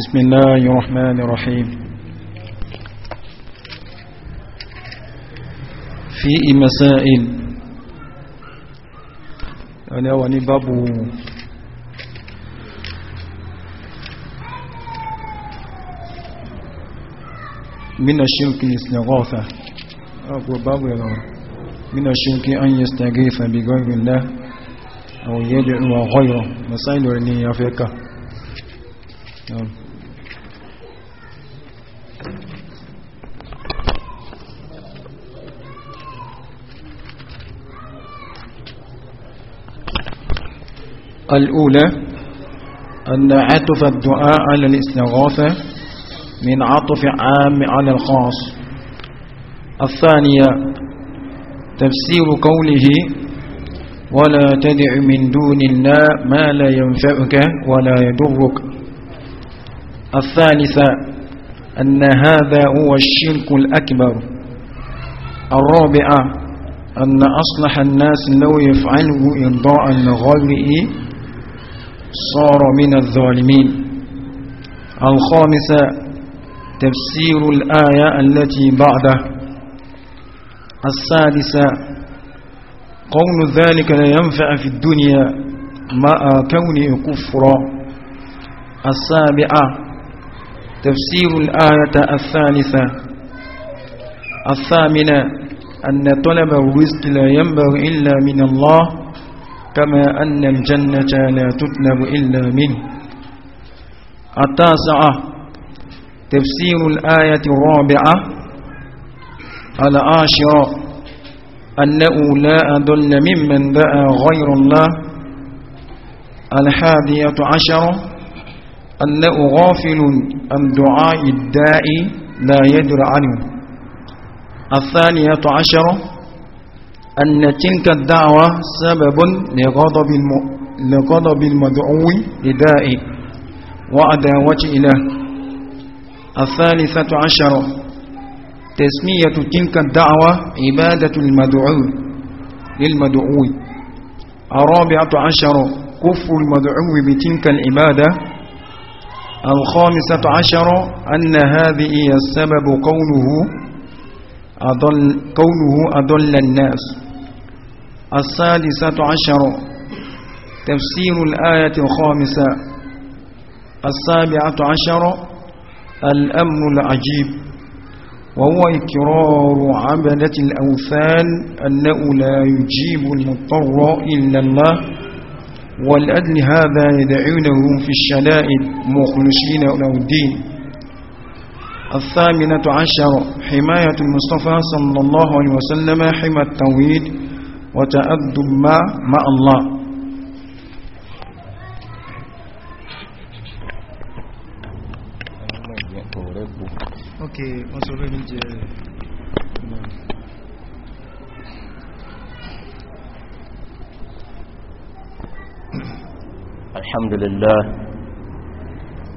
بسم الله الرحمن الرحيم في مسائل أنا وني بابو من الشرك الاستغاثة أقول باب من الشرك أن يستغيث بغير الله أو يدعو غيره مسائل يعني أفريقيا نعم الأولى أن عطف الدعاء على الاستغاثة من عطف عام على الخاص الثانية تفسير قوله ولا تدع من دون الله ما لا ينفعك ولا يضرك الثالثة أن هذا هو الشرك الأكبر الرابعة أن أصلح الناس لو يفعله إرضاء لغيره صار من الظالمين الخامسة تفسير الآية التي بعده السادسة قول ذلك لا ينفع في الدنيا ما كونه كفرا السابعة تفسير الآية الثالثة الثامنة أن طلب الرزق لا ينبغي إلا من الله كما أن الجنة لا تطلب إلا منه التاسعة تفسير الآية الرابعة العاشرة أنه لا أدل ممن دعا غير الله الحادية عشرة أنه غافل عن دعاء الداعي لا يدر عنه الثانية عشرة أن تلك الدعوة سبب لغضب لغضب المدعو لدائه وعداوة إله الثالثة عشرة تسمية تلك الدعوة عبادة المدعو للمدعو الرابعة عشرة كفر المدعو بتلك العبادة الخامسة عشرة أن هذه هي السبب قوله أضل قوله أضل الناس السادسة عشر تفسير الآية الخامسة السابعة عشر الأمن العجيب وهو إكرار عبدة الأوثان أنه لا يجيب المضطر إلا الله والأدل هذا يدعونهم في الشلائد مخلصين له الدين الثامنة عشر حماية المصطفى صلى الله عليه وسلم حمى التوحيد وتأدب مع, مع الله Okay, الحمد لله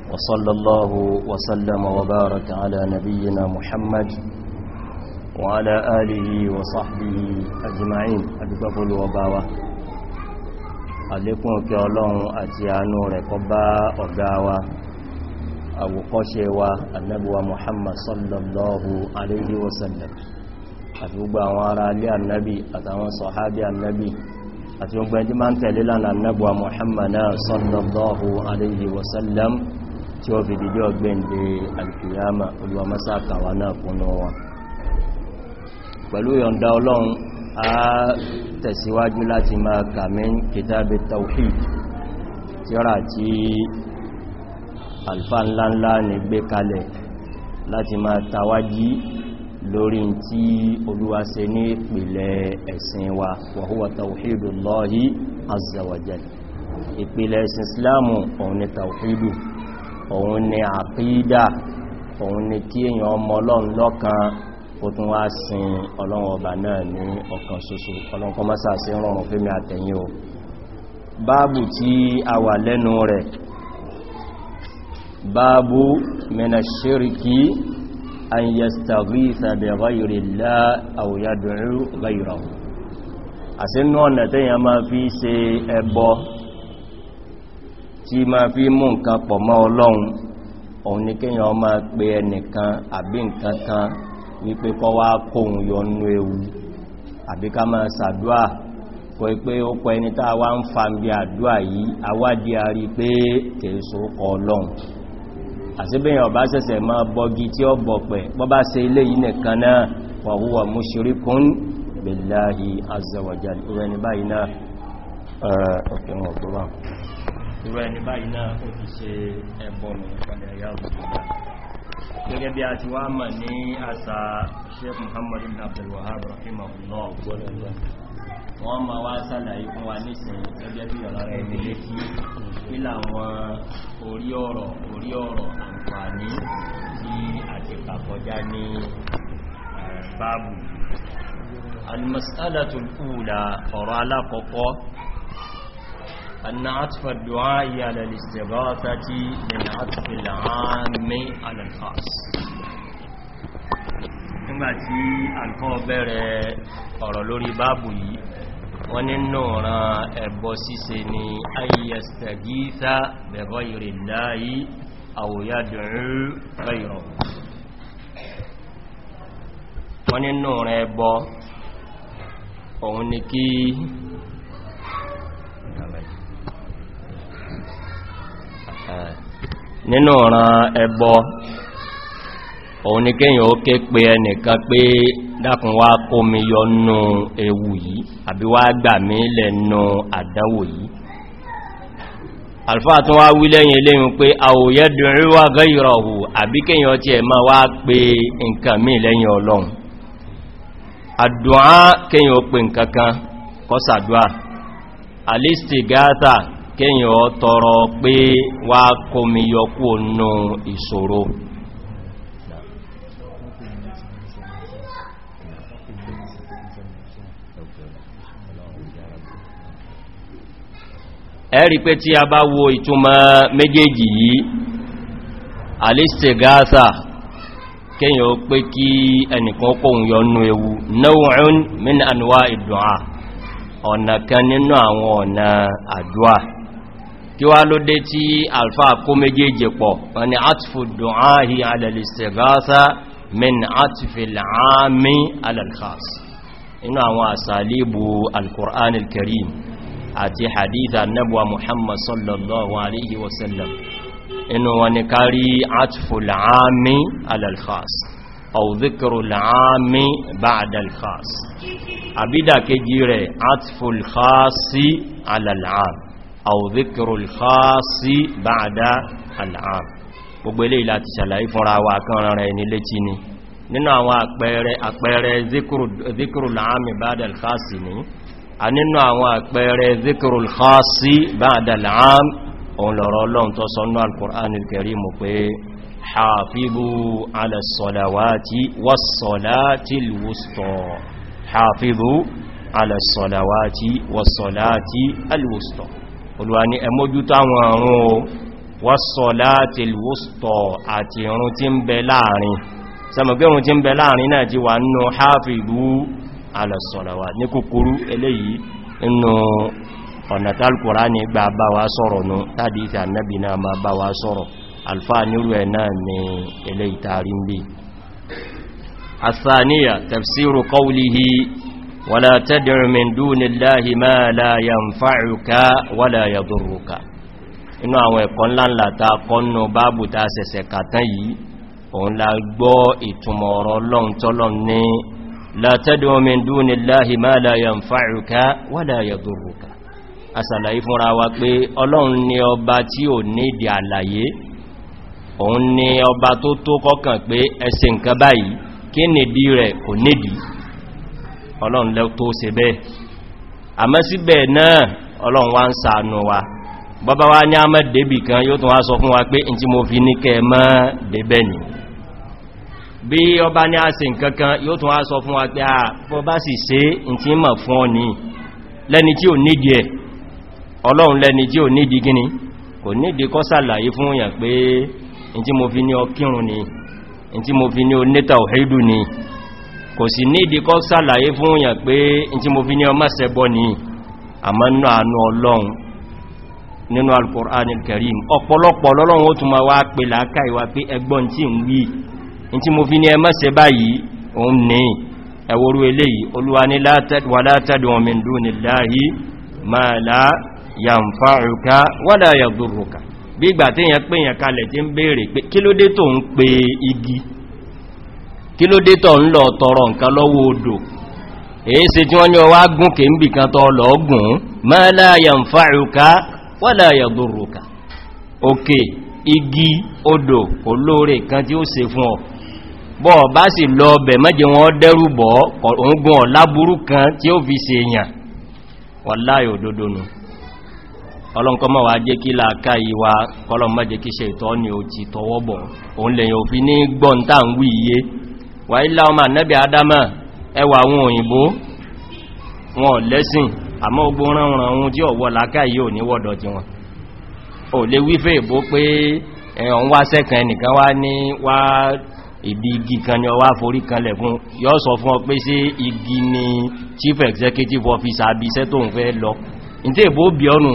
وصلى الله وسلم وبارك على نبينا محمد وعلى آله وصحبه أجمعين أدبه وباوة عليكم كيولون أتيانو ركبا أرقاوة أبو قشيوة النبوة محمد صلى الله عليه وسلم أتوبة وراء لي النبي أتوان صحابي النبي أتوبة جمان تليلان النبوة محمد صلى الله عليه وسلم tí ó fi dìde ọgbẹ́ndẹ̀ alfiyama olùwàmásá àkàwà náà kúnnà wọn pẹ̀lú yọ̀nda ọlọ́run a tẹ̀síwájú láti máa kàmín kìtàbí tawhid tíra tí alfa ńláńlá ní gbé kalẹ̀ láti máa tawájí lórí tí olúwa ṣe ní ìpìlẹ̀ ẹ̀sìn wa wa huwa tawhidullahi azza wa jalla ìpìlẹ̀ ẹ̀sìn islamu òun ni òun ni àkídà òun ni kí èyàn ọmọ ọlọ́run lọ́kan ó tún wá sin ọlọ́run ọba náà ní ọ̀kan ṣoṣo ọlọ́run kọ́ mọ́sà sí rọrùn fẹ́mi àtẹ̀yìn o báàbù tí a wà lẹ́nu rẹ̀ báàbù mẹ́nà ṣíríkì an yastaghitha bi ghayri Allah aw yad'u ghayrahu àsínú ọ̀nà tẹ́yàn máa fi ṣe tí ma fi mú nǹkan pọ̀ mọ́ ọlọ́run òun ni kíyàn ọmọ pé ẹnìkan àbí nǹkan kan wípé kọ́ wá kóhun yọnú ewu àbí ká máa sàdúà kọ́ pé ó kọ ẹni tàà wá ń fa bí àdúà yìí awádìí a rí pé kèèso kọ ọlọ́run àsíbẹ̀yàn ọba sẹ̀sẹ̀ máa bọ́gi tí ó bọ̀ pẹ̀ bọ́ bá ilé yìí nìkan náà fa huwa mushrikun billahi azza wa jalla ìrẹni báyìí náà ọ̀pẹ̀wọ̀n tó bá ìrọ ẹni báyìí náà ó ti ṣe ẹ̀bọ̀nù padà yà òṣìṣẹ́ gẹ́gẹ́ bí a ti wá mọ̀ ní àṣà sheikh muhammad ibn abdul wahab rahimahullah ọgbọ́lọ́gbọ́ wọ́n ma wá sàlàyé fún wa nísìn gẹ́gẹ́ bí ọ̀rọ̀ rẹ̀ ní létí nílà àwọn orí ọ̀rọ̀ orí ọ̀rọ̀ àǹfààní tí àti pàkọjá ní eh, báàbù al-mas'alatul ula ọ̀rọ̀ alákọ̀ọ́kọ́ أن عطف الدعاء على الاستغاثة من عطف العام على الخاص nígbàtí àkọ́ bẹ̀rẹ̀ ọ̀rọ̀ lórí báàbù yìí wọ́n nínú ọ̀ràn ẹ̀bọ̀ ṣíṣe ni ayyastagitha bẹ̀rọ ìrìnláyí àwòyádùnrú rẹ̀rọ̀ wọ́n nínú ọ̀ràn ẹ̀bọ̀ òun ni kí nínú ọ̀ràn ẹbọ òun ni kíyàn ó ké pé ẹnìkan pé dákun wá kó mi yọnú ewu yìí àbí wá gbà mí lẹ́nu àdánwò yìí alfáà tún wá wí lẹ́yìn eléyìn pé àwòyẹ́ dùnrí wá gẹ́yìrọ̀hù àbí kíyàn tí ẹ̀ máa wá pé nǹkan mí lẹ́yìn ọlọ́run àdùn á kíyàn tọrọ pé wá kómi yọkú ònà ìṣòro ẹ̀rí pé tí a bá wo ìtumọ̀ méjèèjì yìí alistigasa kíyàn ó pé kí ẹnìkan kóhun yọnú ewu náwọ̀n min anwa ìdùn ọ̀nà kan nínú àwọn ọ̀nà àdúwà kí wá ló dé tí alfa kó méjèèjì pọ̀ wọ́n ni atifu du'ahi alalistighatha min atifi al'ami alalkhas inú àwọn asalibu alkur'an alkarim àti haditha nabuwa muhammad sallallahu alaihi wasallam inú wọn ni kárí atifu al'ami alalkhas au àwòdíkìrò ìfáàsí báadá al'am gbogbo ilé láti ṣàlàyé fúnra wa kan rẹ̀ ní létí ni nínú àwọn àpẹẹrẹ àpẹẹrẹ zíkìrò láàmì báadá al'fáàsí ni a nínú àwọn àpẹẹrẹ zíkìrò ìfáàsí báadá al'am òun lọ̀rọ̀ ọlọ́run tó sọ́nà alkùnrin kẹrí mú pé hafibu alasọ̀làwáti wasọ̀láti alwustọ̀ olúwa ní ẹmójú táwọn ọ̀run o wọ́sọ̀ láti lùwọ́sọ̀ àti ìrun tí ń bẹ láàrin sẹmọ̀gbẹ̀rún tí ń bẹ láàrin náà ti wà nínú háàfì ìlú alẹ́sọ̀lọ̀wà ní kúkúrú eléyìí nínú ọ̀nà tálkùrá ní gba bá wa sọ̀rọ̀ nù tàbí ìta wàlá tẹ́dìrì min dúnillahi ma la yanfa'uka wàlá yadurruka inú àwọn ẹ̀kọ́ ńláńlá ta kọ́nù báàbù ta sẹ̀sẹ̀ kàtán yìí òun la gbọ́ ìtumọ̀ ọ̀rọ̀ lọ́ntọ́lọ́n ní la tẹ́dìrì min dúnillahi ma la yanfa'uka wàlá yadurruka asàlàyé fúnra wa pé ọlọ́run ni ọba tí ò ní ìdí àlàyé òun ni ọba tó tó kọ́kàn pé ẹsẹ̀ nǹkan báyìí kí nìdí rẹ̀ kò nídìí ọlọ́run lẹ́ tó ṣe bẹ́ẹ̀ àmọ́ síbẹ̀ náà ọlọ́run wá ń ṣàánú wa bàbá wa ní àmọ́ débì kan yóò tún wá sọ fún wa pé in tí mo fi ní kẹ mọ́ débẹ̀ ni bí ọba ní àṣì nkankan yóò tún wá sọ fún wa pé à bọ́ bá sì ṣe in tí mọ̀ fún ọ ní lẹ́ni tí ò nídìí ẹ̀ ọlọ́run lẹ́ni tí ò nídìí gíní kò nídìí kọ́ sàlàyé fún yàn pé in tí mo fi ní ọkírun ni in tí mo fi ní onétà òhèdù ni kò sí nídi kọ́ sàlàyé fún òyàn pé in tí mo fi ní ọmọ sẹ́bọ́ ní àmọ́nà àánú ọlọ́run nínú al-Qur'an al-Karim ọ̀pọ̀lọpọ̀ ọlọ́run ó tún ma wá pè láàká ìwà pé ẹgbọ́n tí ń wí in tí mo fi ní ẹmọ́ sẹ́bá yìí òun ní ẹwọ́rú eléyìí olúwa ní kí ló dé tọ̀ ń lọ tọrọ nǹkan lọ́wọ́ odò se tí wọ́n ní ọwá gún kè ń bì kan tọ́ lọ gùn ma la yanfa'uka òkè igi odò kò kan tí ó se fún ọ bọ́ bá sì lọ bẹ̀ mẹ́jẹ wọn òǹgùn kan tí ó fi èèyàn nù jẹ́ kí láàká ìwà jẹ́ kí ṣe ìtọ́ ni ti òun lèyàn òfin ní wà ilá ọmọ ànẹ́bì adama ẹwà àwọn òyìnbó wọn lẹ́sìn àmọ́ ogbó ránran ohun tí ọ̀wọ́ láká yìí ò ní wọ́dọ̀ ti wọn ò lè wífẹ́ ìbó pé ẹ̀họ̀n wá sẹ́kàn ẹnìkan wá ní wá ìdí igi kan ni ọwá forí kanlẹ̀ fún yọ́ sọ fún ọ pé sí igi ni chief executive officer abiṣẹ́ tó ń fẹ́ lọ ìtẹ́ ìbó bí ọnù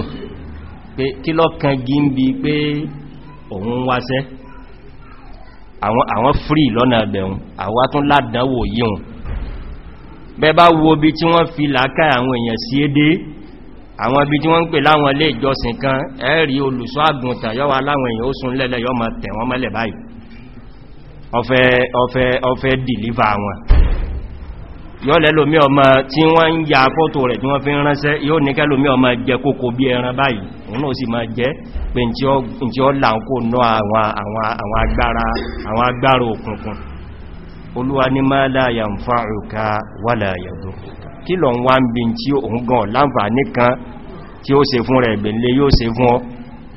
pé kí lọ́kàn gí ń bi pé òun wáṣẹ́ àwọn free lọ́nà ẹgbẹ̀un àwá tún ládánwò yíun bẹba wo bí tí wọ́n fi làákà àwọn èèyàn sí édé àwọn ibi tí wọ́n ń pè láwọn ilé ìjọsìn kan ẹ̀rí olùsọ́ àgùntàn yọ́wà láwọn èèyàn ó sún lẹ́lẹ̀ yọ́ ma tẹ̀ wọ́n mẹ́lẹ̀ báyìí ọfẹ́ ọfẹ́ ọfẹ́ dìlíva wọn yọ́ lẹ́lòmí ọmọ tí wọ́n ń ya fọ́tò rẹ̀ tí wọ́n fi ń ránṣẹ́ yóò ní kẹ́lòmí ọmọ jẹ kókò bí ẹran báyìí òun náà sì máa jẹ́ pé tí ó láǹkó náà àwọn agbára òkùnkùn olúwa ní máa láyà ń fa òkà wà láyà dùn kí lọ wá ń bí tí òun gan láǹfà nìkan tí ó se fún rẹ̀ ìgbèlé yóò se fún ọ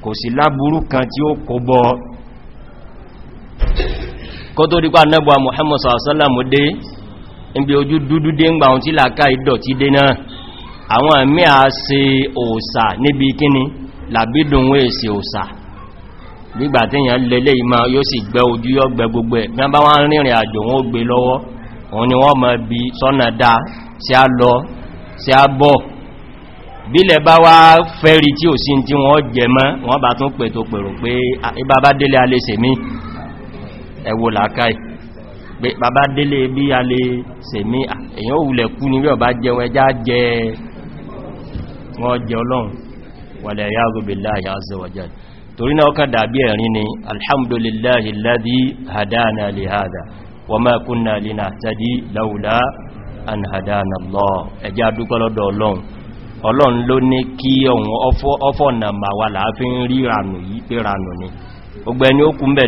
kò sí lábúrú kan tí ó kó bọ́ kó tó dípa nẹ́bọ̀ àwọn àmì àṣe òòsà níbi kíni làbídùnwé èsì òsà nígbà tí èyàn lẹ́lẹ́ ìmá yóò sì gbẹ́ ojú yóò gbẹ gbogbo ẹ̀ bí wọ́n bá wọ́n rìnrìn àjò wọn ó gbé lọ́wọ́ òun ni wọ́n mọ̀ bí sọ́nà dá sí a lọ sí a bọ̀ bílẹ̀ bá wá fẹ́rí tí ò sí tí wọ́n jẹ mọ́ wọ́n bá tún pètò pèrò pé bàbá délé alẹ́ sèmí ẹ̀wò làkáì bàbá délé bí alẹ́ wàlẹ̀ yáàzù billahi azza wa torí náà ọkà dàbí ẹ̀rin ni alhamdulillahi alladhi hadana li hada wa ma kunna linahtadi laula an hadana Allah ẹjá dúpẹ́ lọ́dọ̀ ọlọ́run ọlọ́run ló ní kí na ma wà láàfin rí yí pé ni ó kú náà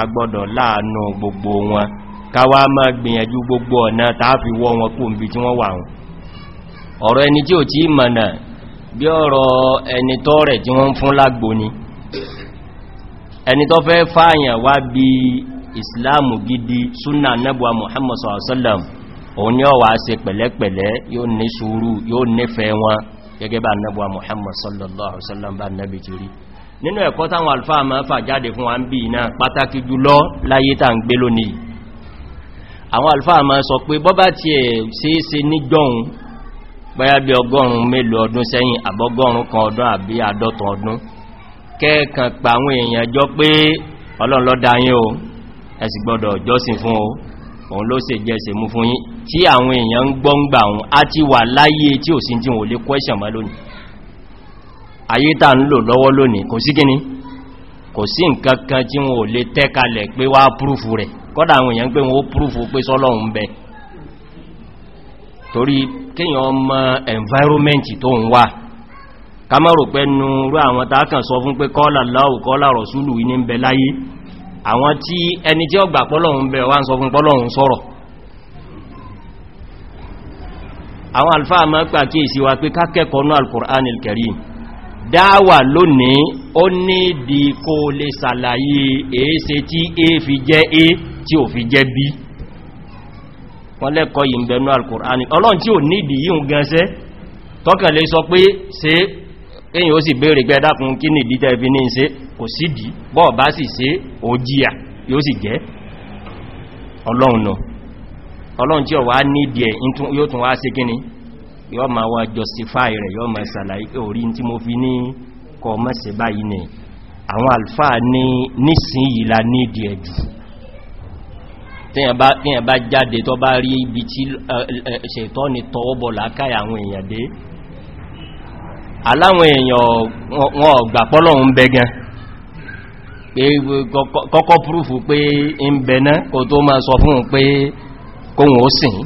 agbọ́dọ̀ láàánú gbogbo wọn káwà má gbìyànjú gbogbo ọ̀nà tààfi wọ́ wọn kú nbí tí wọ́n wà wọn ọ̀rọ̀ ẹni tí ò tí mọ̀nà bí ọ̀rọ̀ ẹni tọ́ rẹ̀ tí wọ́n fún lágbò ni ẹni tọ́ fẹ́ fáyàn wá bí gidi suna nẹ́bùwa muhammadu sallallahu alaihi bá nínú ẹ̀kọ́ táwọn alfáà máa fà jáde fún wa ń bí iná pàtàkì jùlọ láyé tà ń gbé lónìí àwọn alfáà máa sọ pé bọ́bá ti ẹ̀ ṣeéṣe níjọun báyá bí ọgọ́rùn-ún mélòó ọdún sẹ́yìn àbọ́gọ́rùn kan ọdún àbí àdọ́tọ̀ ọdún kẹ́ẹ̀kan pa àwọn èèyàn jọ pé ọlọ́run ló dá yín o ẹ sì gbọ́dọ̀ jọ́sìn fún o òun ló ayé tà ń lò lọ́wọ́ lónìí kò sí kíní kò sí nǹkan kan tí wọn ò lè tẹ́kalẹ̀ pé wá púrúfù rẹ̀ kọ́dà àwọn èèyàn pé wọ́n púrúfù pé sọ́lọ́run bẹ torí kíyàn ọmọ environment tó ń wà kamaro pé nú rú àwọn tàákàn sọ fún pé kọ́lá láwù kọ́lá rọ̀súlù ní bẹ láyé àwọn tí ẹni tí ó gbà bẹ wá ń sọ fún pọ́lọ̀un sọ̀rọ̀ àwọn alfáà máa pàkíyèsí wa pé kákẹ́kọ̀ọ́ náà al-Qur'an al dáwà lónìí ó ní di kó lè sàlàyé èése tí a fi jẹ́ a tí ò fi jẹ́ b wọ́n lẹ́kọ́ yìí ń bẹnú alkùnrin ọlọ́run tí ò ní ìdí yíò gẹnsẹ́ tọ́kẹ̀lẹ́ sọ pé se èyàn ó sì bèèrè gbẹ́dàkùn kí ní ìdí tẹ́ẹ̀fì ní ṣe kò sídìí bọ́ bá sì ṣe òjíyà yóò sì jẹ́ ọlọ́run náà ọlọ́run tí ò wá ní ìdí ẹ̀ yóò tún wá sí kíní yọ́ ma wá justify rẹ̀ yọ́ ma ṣàlàyé pé orí tí mo fi ní kọ mẹ́sẹ̀ báyìí ni àwọn alfáà ní nísìn yìí la ní ìdí ẹ̀jù tíyàn bá jáde tó bá rí ibi tí ṣètọ́ ni tọwọ́bọ̀ lákàí àwọn èèyàn dé aláwọn èèyàn wọn ọ̀gbà pọ́lọ̀un bẹ gan pé kọ́kọ́ púrúfù pé ń bẹ náà kò tó máa sọ fún un pé kóhun ó sìn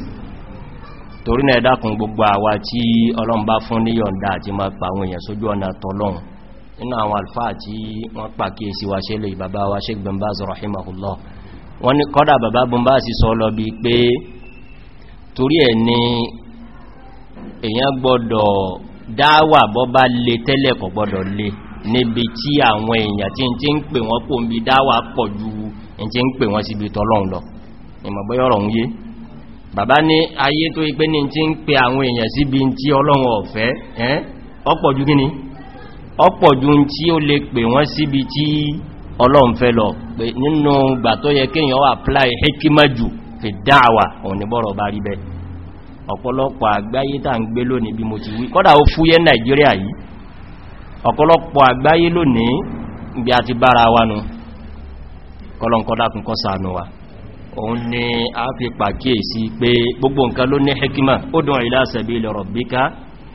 torí náà ẹ̀dàkùn gbogbo àwà tí ọlọ́run bá fún ní yọ̀ǹda àti ma pa àwọn èèyàn sójú ọ̀nà tọ́lọ́run nínú àwọn alfáà tí wọ́n pa kí èsì wa ṣe lè bàbá wa ṣe gbẹ̀mbá rahimahullah wọ́n ní kọ́dà bàbá bọ́mbá sì sọ lọ bí pé torí ẹ̀ ni èèyàn gbọ́dọ̀ dáwà bọ́ bá le tẹ́lẹ̀ kọ̀ gbọ́dọ̀ le níbi tí àwọn èèyàn tí ń tí ń pè wọ́n kò ń bi dáwà pọ̀ ju ń tí ń pè wọ́n síbi tọ́lọ́run bàbá ní ayé tó ipé ní tí ń pe àwọn èèyàn síbi tí ọlọ́run ọ̀fẹ́ ọpọ̀jú gíní ọpọ̀jú tí ó lè pè wọ́n síbi tí ọlọ́run fẹ́ lọ pé nínú gbà tó yẹ apply hekimaju fi dáàwà ní bá rí bẹ́ ọ̀pọ̀lọpọ̀ àgbáyé tà ń gbé lónìí bí mo ti wí kọ́dà ó fúyẹ́ nàìjíríà yìí ọ̀pọ̀lọpọ̀ àgbáyé lónìí bí a ti bára wa nù wa òun ni a fi pàkíyèsí pé gbogbo nǹkan ló ní hikima ud'u ila sabili rabbika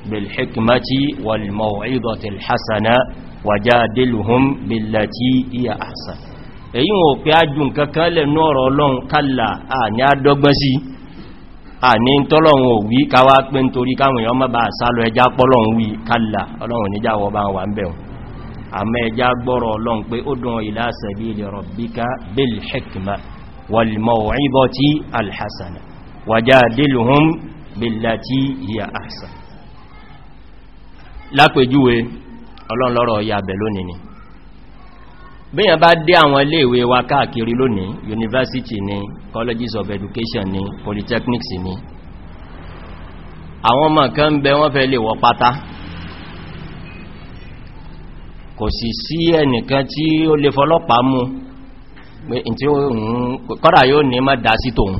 bil hikmati wal maw'izati al hasana wajadiluhum billati hiya ahsan èyí wọn pé ájú nǹkan kan lẹ̀ ní ọ̀rọ̀ ọlọ́run kálà à ní àdọ́gbọ́n sí à ní tọ́lọ̀run òwí káwá pé ń káwọn èèyàn bil hikma walmọ̀wọ̀íbọ̀tí alhassana wàjádìlùhún bílátí hiya ahsan lápèjúwe ọlọ́lọ́rọ̀ yàbẹ̀ lónìí ni bíyàn bá dé àwọn iléèwé wa káàkiri lónìí university ni colleges of education ni polytechnics ni àwọn ọmọ kan ń bẹ wọ́n fẹ́ lè wọ pátá kò sì sí ẹnìkan tí ó lè fọlọ́pàá mú pé in tí ó ń kọ́dà yóò ní má dá sí tòun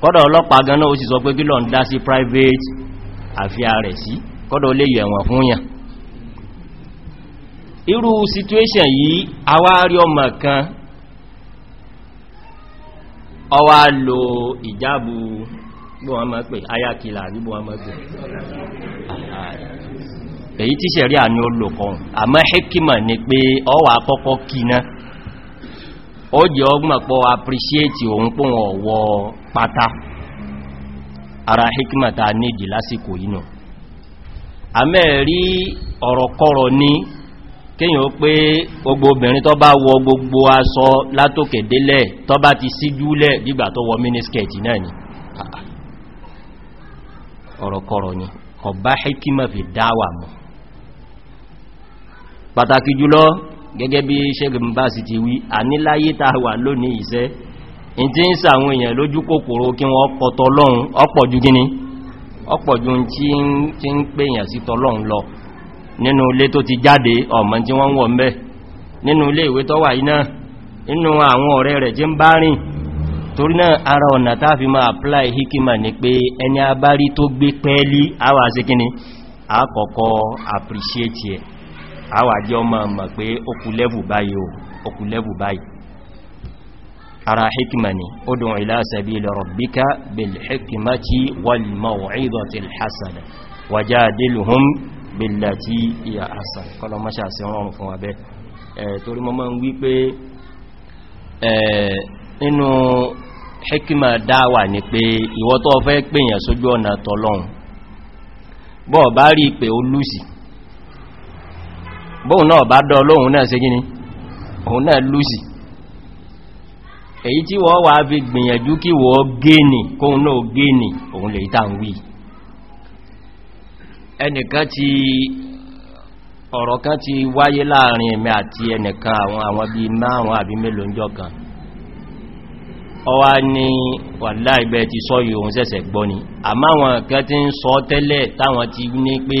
kọ́dà ọlọ́pàá gan náà ó sì sọ pé kí ń dá sí private àfíà rẹ̀ sí kọ́dà ó lè yẹ̀wọ̀n fún yàn irú situation yìí awárí ọmọ kan ọwá lo ìjábù bí wọ́n mọ́ pé ayákìlà ní bí wọ́n mọ́ pé èyí tí sẹ̀rí àní olùkọ̀un àmọ́ hekima ni pé ọwà kọ́kọ́ kí ó jẹ́ ọgbọ̀n pọ̀ appreciate òun pún ọ̀wọ́ pátá ara hikmata nídi lásìkò inú a àmẹ́rí ọ̀rọ̀kọ́rọ̀ ní kíyàn ó pé gbogbo obìnrin tó bá wọ gbogbo aṣọ látòkè délẹ̀ tó bá ti sí síjúlẹ̀ dígbà tó wọ miniskẹ̀tì náà ni ọ̀rọ̀kọ́rọ̀ ah, ah. ni kọ̀ bá hikima fi dáwà mọ̀ pàtàkì jùlọ gẹ́gẹ́ bí ṣẹ́gbẹ̀m bá sì ti wí àníláyé ta wà lónìí iṣẹ́ in ti ń sàwọn èèyàn lójú kòkòrò kí wọ́n ọpọ̀ tọ́lọ́run ọpọ̀ ju gíní ọpọ̀ ju tí ń pèèyàn sí tọ́lọ́run lọ nínú ilé tó ti jáde ọmọ tí wọ́n wọ̀ mẹ́ nínú ilé ìwé tó wà iná nínú àwọn ọ̀rẹ́ rẹ̀ tí ń bá rìn torí náà ara ọ̀nà tá fi máa apply hikima ni pé ẹni abárí tó gbé pẹ́ẹ́lí àwà sí kíni àkọ́kọ́ appreciate ẹ̀ àwà jẹ́ ọmọ mọ̀ pé okùlẹ́bù báyìí o okùlẹ́bù báyìí ara hikimani ud'u ila sabili rabbika bil hikmati wal maw'izati al hasana wajadilhum billati hiya ahsan kọlọ mọ́ṣà sí rọrùn fún abẹ́ torí mọ́ mọ́ ń wí pé nínú hikima dáwà ni pé ìwọ fẹ́ pèèyàn sójú ọ̀nà tọ́lọ́run bọ́ọ̀ bá rí pé ó lùsì bóhun náà bá dọ́ lóhun náà ṣe gíní òun náà lúsì èyí tí wọ́n wà fi gbìyànjú kí wọ́n gẹ́ni kóhun náà gẹ́ni òun lè tàn wí ẹnìkan ti ọ̀rọ̀ kan ti wáyé láàrin ẹ̀mẹ́ àti ẹnìkan àwọn àwọn bí márùn-ún àbí mélòó ń jọ ọwá ní wàlá ìbẹ̀ ti sọ òun ṣẹ̀ṣẹ̀ gbọ́ àmáwọn kan ti ń sọ tẹ́lẹ̀ táwọn ti ní pé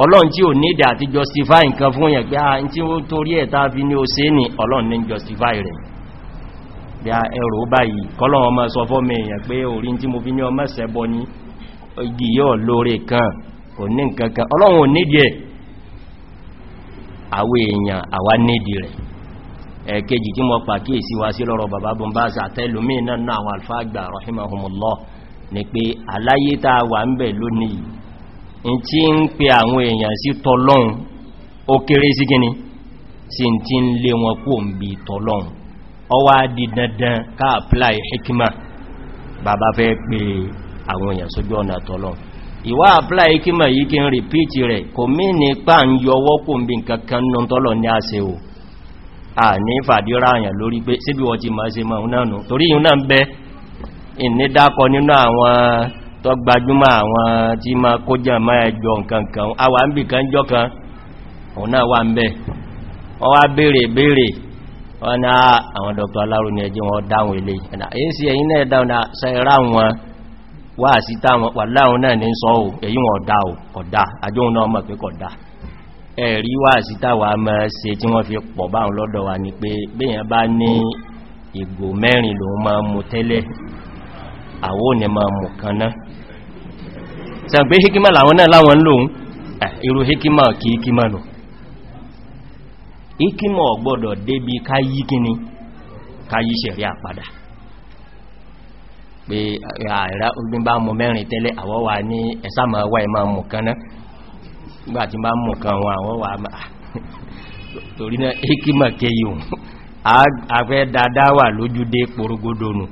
ọlọ́run tí ò nídà àti justify nǹkan fún yẹn pé ah, a tí ó torí ẹ̀ta fi ní ó sé ní ọlọ́run ní justify rẹ̀ bí a ẹ̀rọ báyìí kọlọ́run ọmọ sọ fọ́ ẹ̀yàn pé orí tí mo fi ní ọmọ sẹ́bọ ní igi yóò lórí kan ní nǹkankan ò èèyàn rẹ̀ in tí ń pe àwọn èèyàn sí tọ́lọ́un ó kéré sí gíní sí tí ń lé wọn kó ń bí tọ́lọ́un ọ wá di dandan ká apply hikima baba fẹ́ pe àwọn èèyàn sójú ọ̀nà tọ́lọ́un ìwà apply hikima yìí kí ń repeat rẹ̀ kò mí ní pà ń yọwọ́ kó ń bí nǹkan kan nù tọ́lọ́ ní àṣẹ o a ní fàdíra àyàn lórí pé síbí wọ́n ti máa ṣe máa náà nù torí yìí náà ń bẹ ìnídákọ nínú àwọn tó gbajúmọ̀ àwọn tí ma kó jẹ́ ma ẹjọ nkankan àwà ń kan jọ òun náà wà ń bẹ́ wọ́n wá béèrè béèrè wọ́n ní àwọn dr aláró ní ẹjẹ́ wọn dáhùn ilé èsì ẹ̀yìn náà dáhùn sẹ́ra wọn wà sí táwọn pàláhùn náà ní sọ mọ̀ wa bá sẹ́n pé hikima làwọn náà láwọn lòun irú hikima kí hikima nù hikima ọ̀gbọ́dọ̀ débi káyí kíni káyí ṣẹ̀rí àpadà pé àìrá ogun bá mọ mẹ́rin tẹ́lẹ̀ àwọ́ wà ní ẹ̀sàmà wà ìmá mọ̀ kan náà tí bá mọ̀ kan wọn àwọ́ ah. wà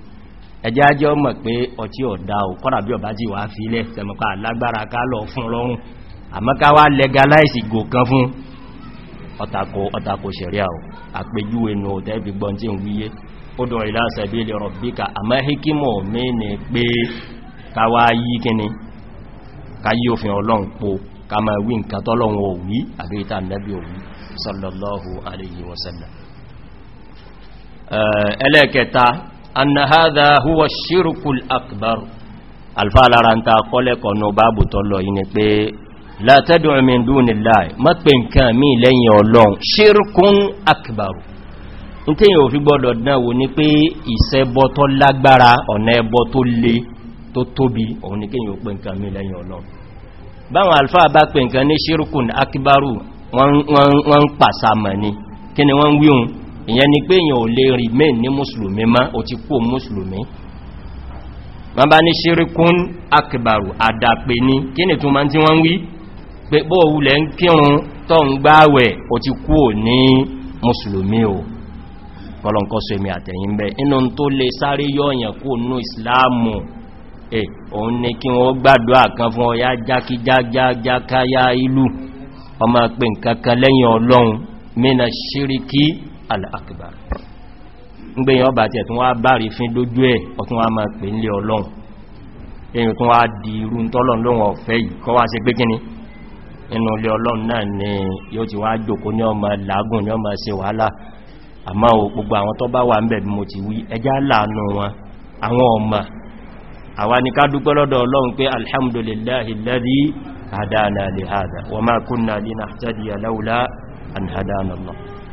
ẹjá jẹ́ ọmọ pé ọtí ọ̀dá ò kọ́nà bí ọba jí wà fílẹ̀ tẹmọ̀ká alágbára ká lọ fún lọ́rùn àmọ́ká wá legalize gò kan fún ọ̀tàkò ọ̀tàkò ṣẹ̀ríà ò àpèjúwe nù ọ̀tẹ́ fi gbọ́n tí ń wíyé ó dùn ìlà sẹ̀bílì anna hadha huwa shirkul akbar alfa lára ń ta kọ́lẹ̀kọ̀ ní báàbù tọ́lọ yìí ni pé la tad'u min dunillahi má pè nǹkan mí lẹ́yìn ọlọ́run shirkun akbar ní tí yíò fi gbọ́dọ̀ dánwò ní pé ìṣẹ́bọ tó lágbára ọ̀nà ẹbọ tó le tó tóbi òun ni kíyàn pè nǹkan mí lẹ́yìn ọlọ́run báwọn alfa bá pè nǹkan ní shirkun akbaru wọ́n ń pàṣàmọ̀ ni kí ni wọ́n wíhun ìyẹn ni pé èyàn ò lè remain ní mùsùlùmí má o ti kú mùsùlùmí ma bá ní ṣíríkún akìbàrù àdàpè ní kí ni tún ma tí wọ́n wí pé bóò wulẹ̀ ń kírun tọ́ ń gbáwẹ̀ o ti kú ní mùsùlùmí o kọlọ̀nkọ́sọ èmì àtẹ̀yìn bẹ́ inú tó lè sáré yọ́ọ̀yàn kó nú ìsìláàmù ẹ̀ eh, òun ní kí wọ́n gbàdọ́ àkan fún ọya ala akbar ńgbé ọba tí ẹ̀ wá bárí fín lójú ẹ̀ ọ̀tún wá máa pè nílé ọlọ́run èyàn tún wá di irú tọ́lọ̀n lóhun ọ̀fẹ́ yìí kọ́ wá sí pé kíní inú ilé ọlọ́run náà ni yóò ti wá jòkó ní ọmọ làágùn ní ọmọ wàhálà àmá gbogbo àwọn bá wà ń mo ti wí ẹjá láàánú wọn àwọn ọmọ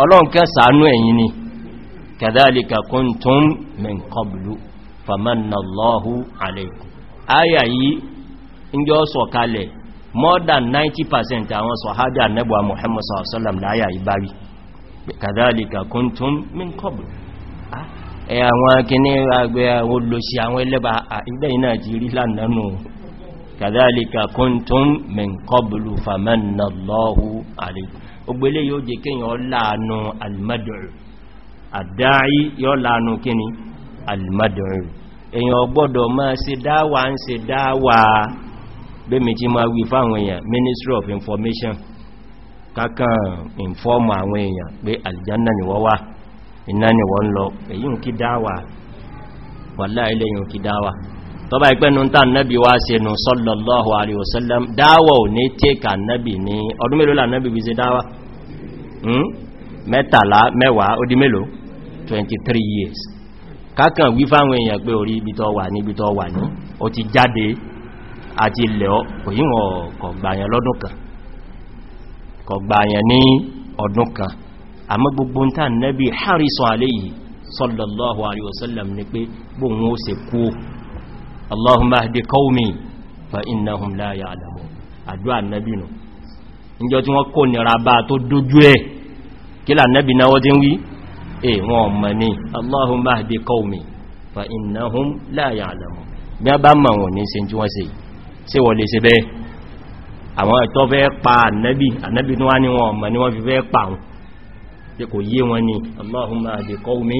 ọlọ́run kẹ́ ṣàánú ẹ̀yin ni kadhalika kuntum min qablu famanna Allahu alaykum àyà yìí ǹjọ́ sọ̀kalẹ̀ more than 90% àwọn sọ̀hábí ànẹ́bùwa Muhammad sallallahu alaihi wasallam láyà ìbáwí kadhalika ogbélé yóò jẹ kíyàn láàánú almadu àdáyí yóò láàánú kíni almadu èyàn gbọ́dọ̀ máa ṣe dáwà ń ṣe dáwà bẹ́mi tí máa wí fáwọn èèyàn ministry of information kákan inform àwọn èèyàn pé aljanna ni wọ́n wà iná ni wọ́n lọ èyí ń kí dáwà wà láìlẹ́yìn kí dáwà tọba ìpẹ́nu tá nẹ́bí wá se nù sallallahu alaihi wasallam dáwọ̀ ò ní tẹ́kà nẹ́bí ní ọdún mélòó là nẹ́bí bí se dáwà hmm? mẹ́tàlá mẹ́wàá ó di mélòó 23 years kákan wí fáwọn èèyàn pé orí ibi tó wà ní ibi tó wà ní ó ti jáde àti ilẹ̀ òyíwọ̀n kọ̀gbàyàn lọ́dún kan kọ̀gbàyàn ní ọdún kan Allahumma ahdi qawmi fa innahum la ya'lamun àdúrà nabi nù níjọ won ko kò nira ba to doju e kí là nabi náwọ́ tí ń wí eh wọ́n mọ̀ ní Allahumma ahdi qawmi fa innahum la ya'lamun bí a bá mọ̀ wọn ní ṣe won se ṣe ṣe wọ́n lè ṣe bẹ́ẹ̀ àwọn ẹ̀tọ́ pa ànábì ànábì nu wa ni won ọmọ ni wọ́n fi fe pa won tí ko ye won ni Allahumma ahdi qawmi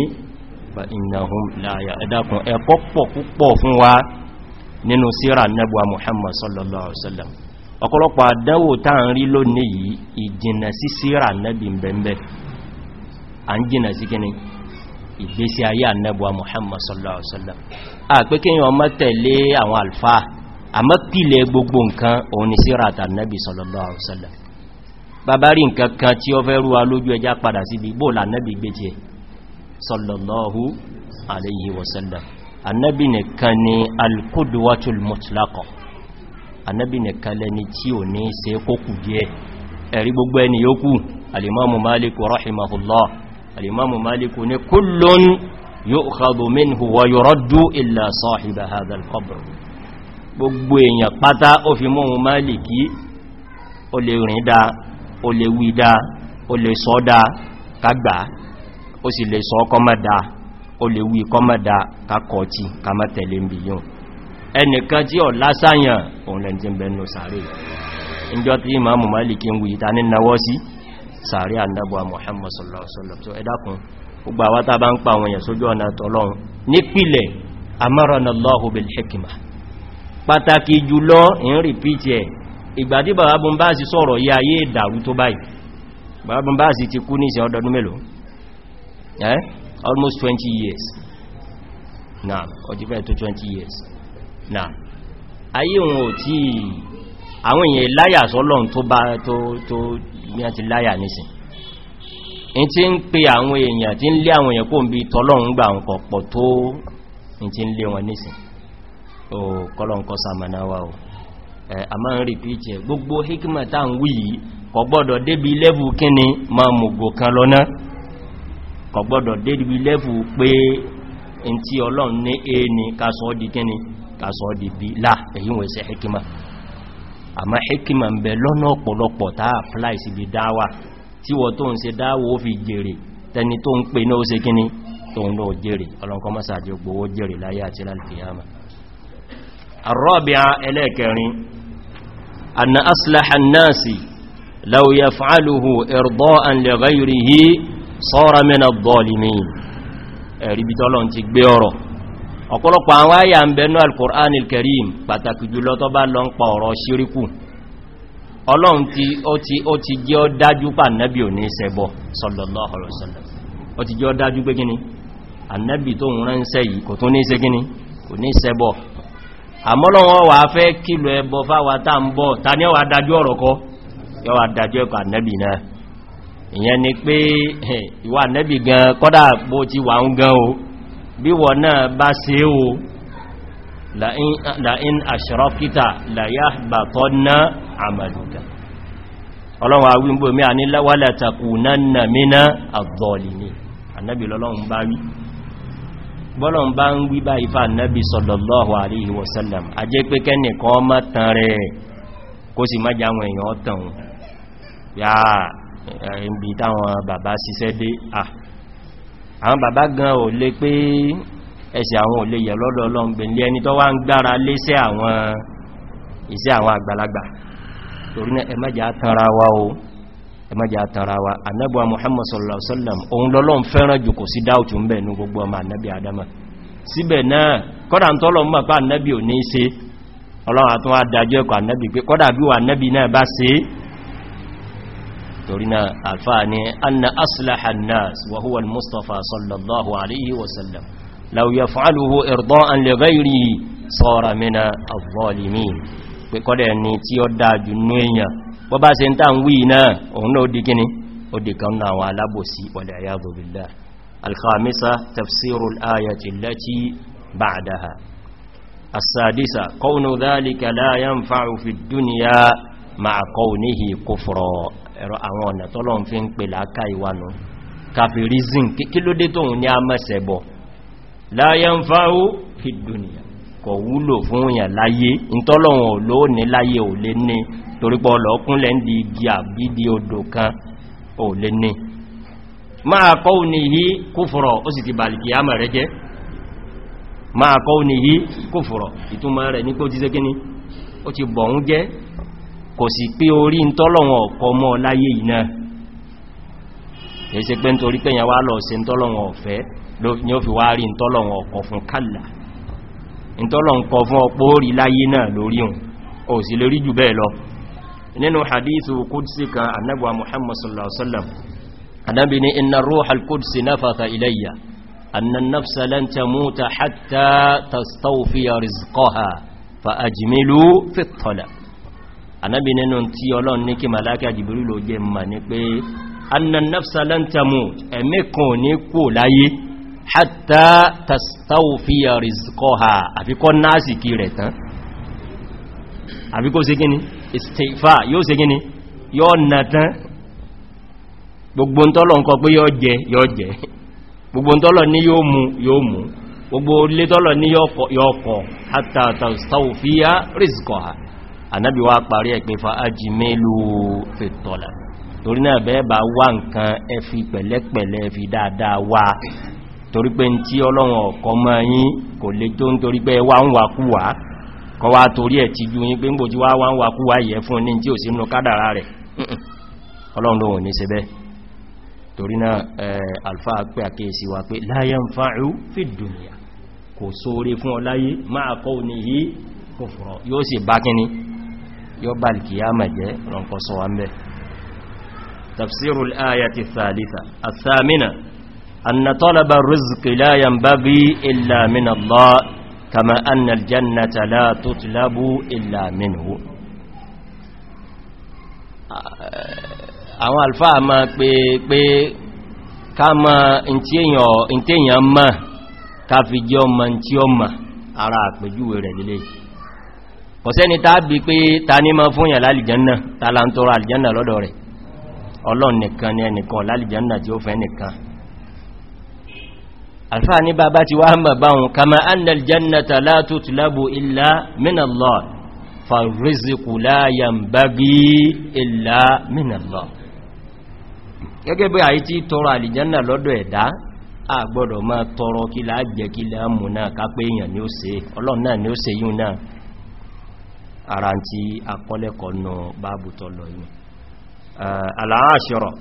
fa innahum la ya'dakun ẹ̀kọ́ pọ̀ púpọ̀ fún wa nínú síra nẹ́bùwa muhammad sallallahu alaihi wasallam ọ̀pọ̀lọpọ̀ àdánwò tá ń rí lónìí yìí ìjìnà sí síra nẹ́bì bẹ̀m̀bẹ̀ à ń jìnà sí kíní ìgbésí muhammad sallallahu alaihi wasallam a pé kéèyàn ó máa tẹ̀lé àwọn àlùfáà àmọ́ gbogbo nǹkan òun ni síra tà sallallahu alaihi wasallam bàbá rí nǹkan kan tí ó fẹ́ rúwa lójú ẹjá padà síbi bóòlà nẹ́bì gbé tiẹ̀ sallallahu alayhi wasallam annabi nìkan ni alkudwatul mutlaqah annabi nìkan lẹni tí ò ní ṣe kókù díẹ̀ ẹ̀rí gbogbo ẹni yókù alimamu maliku rahimahullah alimamu maliku ni kullun yu'khadhu minhu wa yuraddu illa sahiba hadha alqabr gbogbo èèyàn pátá ó fi mọ́ ohun máàlìkí ó lè rìn dáa ó lè wí dáa ó lè sọ dáa ó sì lè sọ kọmọ́dá ó lè wí kọmọ́dá kakọ̀ọ̀tí kama tẹ̀lé ń bí yíò ẹnìkan tí ọ lásàyàn òun lẹ́n tí ń bẹnu sàárè ìjọ tí ma mọ̀ málìkí ń wùyí ta ní nawọ́ sí sàárè àndábọ̀ Muhammad sallallahu alaihi wasallam tó ẹ dákun gbogbo àwọn tàbá ń pa àwọn èèyàn sójú ọ̀nà tọ́lọ́run nípìlẹ̀ amarana Allahu bil hikma pàtàkì jùlọ in repeat ẹ̀ ìgbàdí bàbá bàbá bọ́n ti kú ní ìsẹ̀ ọdọdún mélòó eh almost 20 years naam ó ti fẹ́ 20 years naam ayé wọn ò tí àwọn èèyàn láyà sọ́lọ́n to ba to tó ní àti láyà nísìn in ti ń pe àwọn èèyàn tí ń lé àwọn èèyàn kó ń bí tọ́lọ́run gbà wọn kọ̀ pọ̀ tó in ti n le won nisin o kọ́lọ́n kọ́ sàmànáwà o a máa ń rí píìtì ẹ̀ gbogbo hikimata n wi yìí kò gbọ́dọ̀ débi lẹ́bù kíni máa mùgò kan lọ náà kò gbọ́dọ̀ dédìbí lẹ́fù pé in tí ọlọ́run ní a ní kásọ̀ di kíni kásọ̀ di bí láà èyí wọ́n sí hikima àmá hikima ń bẹ lọ́nà ọ̀pọ̀lọpọ̀ táà apply sí bí dáwà tí wọ́n tó ń ṣe dáwà ó fi jèrè tẹni tó ń pè ní ó ṣe kíni tó ń sọ́ra mẹ́nà bọ́ọ̀lì ní ẹ̀ríbi tọ́lọ̀ ti gbé ọ̀rọ̀ ọ̀pọ̀lọpọ̀ àwọn àyà ń bẹnú al-Qur'an al-Karim pàtàkì jùlọ tó bá lọ ń pa ọ̀rọ̀ ṣíríkù ọlọ́run tí ó ti jẹ́ ó dájú pé ànábì ò ní ṣẹbọ sallallahu alaihi wasallam ó ti jẹ́ ó dájú ìyẹn ni pé ìwà nẹ́bì gan kọ́dà bó ti wà ń gan o bí wọ náà bá ṣe o la'in ashirafita la ya bàtọ́ ná àmàlùkà ọlọ́run awínbò mí a ní wala takunanna mina àdọ̀lìní annabi lọ́lọ́run bá wí bọ́lọ̀n bá ń wí bá ifá annabi sallallahu alaihi wasallam a jẹ́ pé kẹ́nìkan mọ́ tán rẹ̀ kó sì má jáwọn èèyàn tàn yáà ibi táwọn bàbá ṣiṣẹ́ dé à àwọn bàbá gan ò lè pé ẹsẹ̀ àwọn ò lè yẹ̀ lọ́dọ̀ ọlọ́mgbẹ̀ ní ẹni tó wá ń gbára léṣẹ́ àwọn iṣẹ́ àwọn àgbàlagbà torí náà ẹ wa o ẹ má jẹ́ á tanra wa Muhammad sallallahu alaihi wasallam òun lọ́lọ́run fẹ́ràn jù kò sí dáùtù ń bẹ̀ ní gbogbo ọmọ Ànábì Adama síbẹ̀ náà kọ́dà ń tọ́lọ mọ̀ pá Ànábì ò ní ṣe ọlọ́run àtún adájọ́ ẹ̀kọ́ Ànábì pé kọ́dà bí wà Ànábì تورينا الفاني ان اصلح الناس وهو المصطفى صلى الله عليه وسلم لو يفعله ارضاء لغيره صار من الظالمين بكوداني تي او داجو نويا أنت سينتا وينا اونو دي كيني او دي كان بالله الخامسه تفسير الايه التي بعدها السادسه كون ذلك لا ينفع في الدنيا مع كونه كفرا ẹ̀rọ àwọn ọ̀nà tọ́lọ̀ fi ń pè láká ìwànú kàfìrízìn kí ló dé tóhun ní a mẹ́sẹ̀bọ̀ láyé ń fáwó kí dùnìyà kọ̀ wúlò fún òyàn láyé ìtọ́lọ̀wọ̀n oló ní láyé ò lé ní torípọ̀ ọlọ́kúnlẹ̀ ń di igi àbídí odò kan ò lé ní kò sì pé orí ń tọ́lọ̀wọ̀n ọ̀kọ́ mọ́ láyé iná ẹ̀ṣẹ́ pé nítorí pẹ̀yàn wá lọ sí tọ́lọ̀wọ̀n ọ̀fẹ́ ni ó fi wá rí tọ́lọ̀wọ̀n ọ̀kọ́ fún kàlà tọ́lọ̀wọ̀n kọ fún ọpọ́ orí láyé náà lórí hùn ó sì lórí jù bẹ́ẹ̀ lọ nínú hadithu kudsi kan annabuwa muhammad sallallahu alaihi wasallam annabi ni inna anábi nínú tí ọlọ́run ní kí màláíkà jìbìrì ló jẹ mà ní pé annannafsa lantamu ẹ̀mí kan ní kò láyé hatta tastawfiya rizqaha àfikọ́ náàsì kí rẹ̀ tán àfikọ́ sí gíní istifa yóò sí gíní yóò nà tán gbogbo ntọ́lọ̀ nǹkan pé yóò tọ́lọ̀ ní yóò kọ̀ hatta tastawfiya ànábì wá parí ẹ̀pìn fa ájì mélòó fètọ́lá torí náà bẹ́ẹ̀ bá wá nǹkan ẹ fi pẹ̀lẹ́pẹ̀lẹ́ fi dáadáa wá torí pé ń tí ọlọ́run ọ̀kọ́ mọ́ yín kò lè tó ń torí pé wá ń wà kúwà kọ wá torí ẹ̀ ti ju yín pé ń tí wá wá ń wà yẹ fún ní tí ò sí mú kádàrá rẹ̀ ọlọ́run ló ní alfa pé àkíyèsí wa pé la yanfa'u fi dunya kò sóore fún ọláyé máa yóò bá alkiyama jẹ́ rọ̀nkọ́ sọ wa mẹ́ tafsirul ayati thalitha athamina anna talaba rizqi la yanbaghi illa min Allah kama anna aljannata la tutlabu illa minhu àwọn alfáà ma pé pé ká ma in tí èyàn mọ́ ká fi jẹ́ ọmọ in tí ọmọ ara àpèjúwe rẹ̀ lélẹ́yìí kọ̀sẹ́ni tá bí pé ta ní ma fún yàn lálìjánà ta la ń tọrọ àlìjánà lọ́dọ̀ rẹ̀ ọlọ́n nìkan ni ẹnìkan lálìjánà tí ó fẹ́ nìkan alfa ní bàbá ti wá mọ̀ báhùn kama annaljannata la tutlabu illa minallah farriziku la yambagi illa minallah gẹ́gẹ́ bí àyí tí tọrọ ara tí akọ́lẹ́kọ̀ nù báàbù tọ́lọ yìí eh, aláàṣọ́rọ̀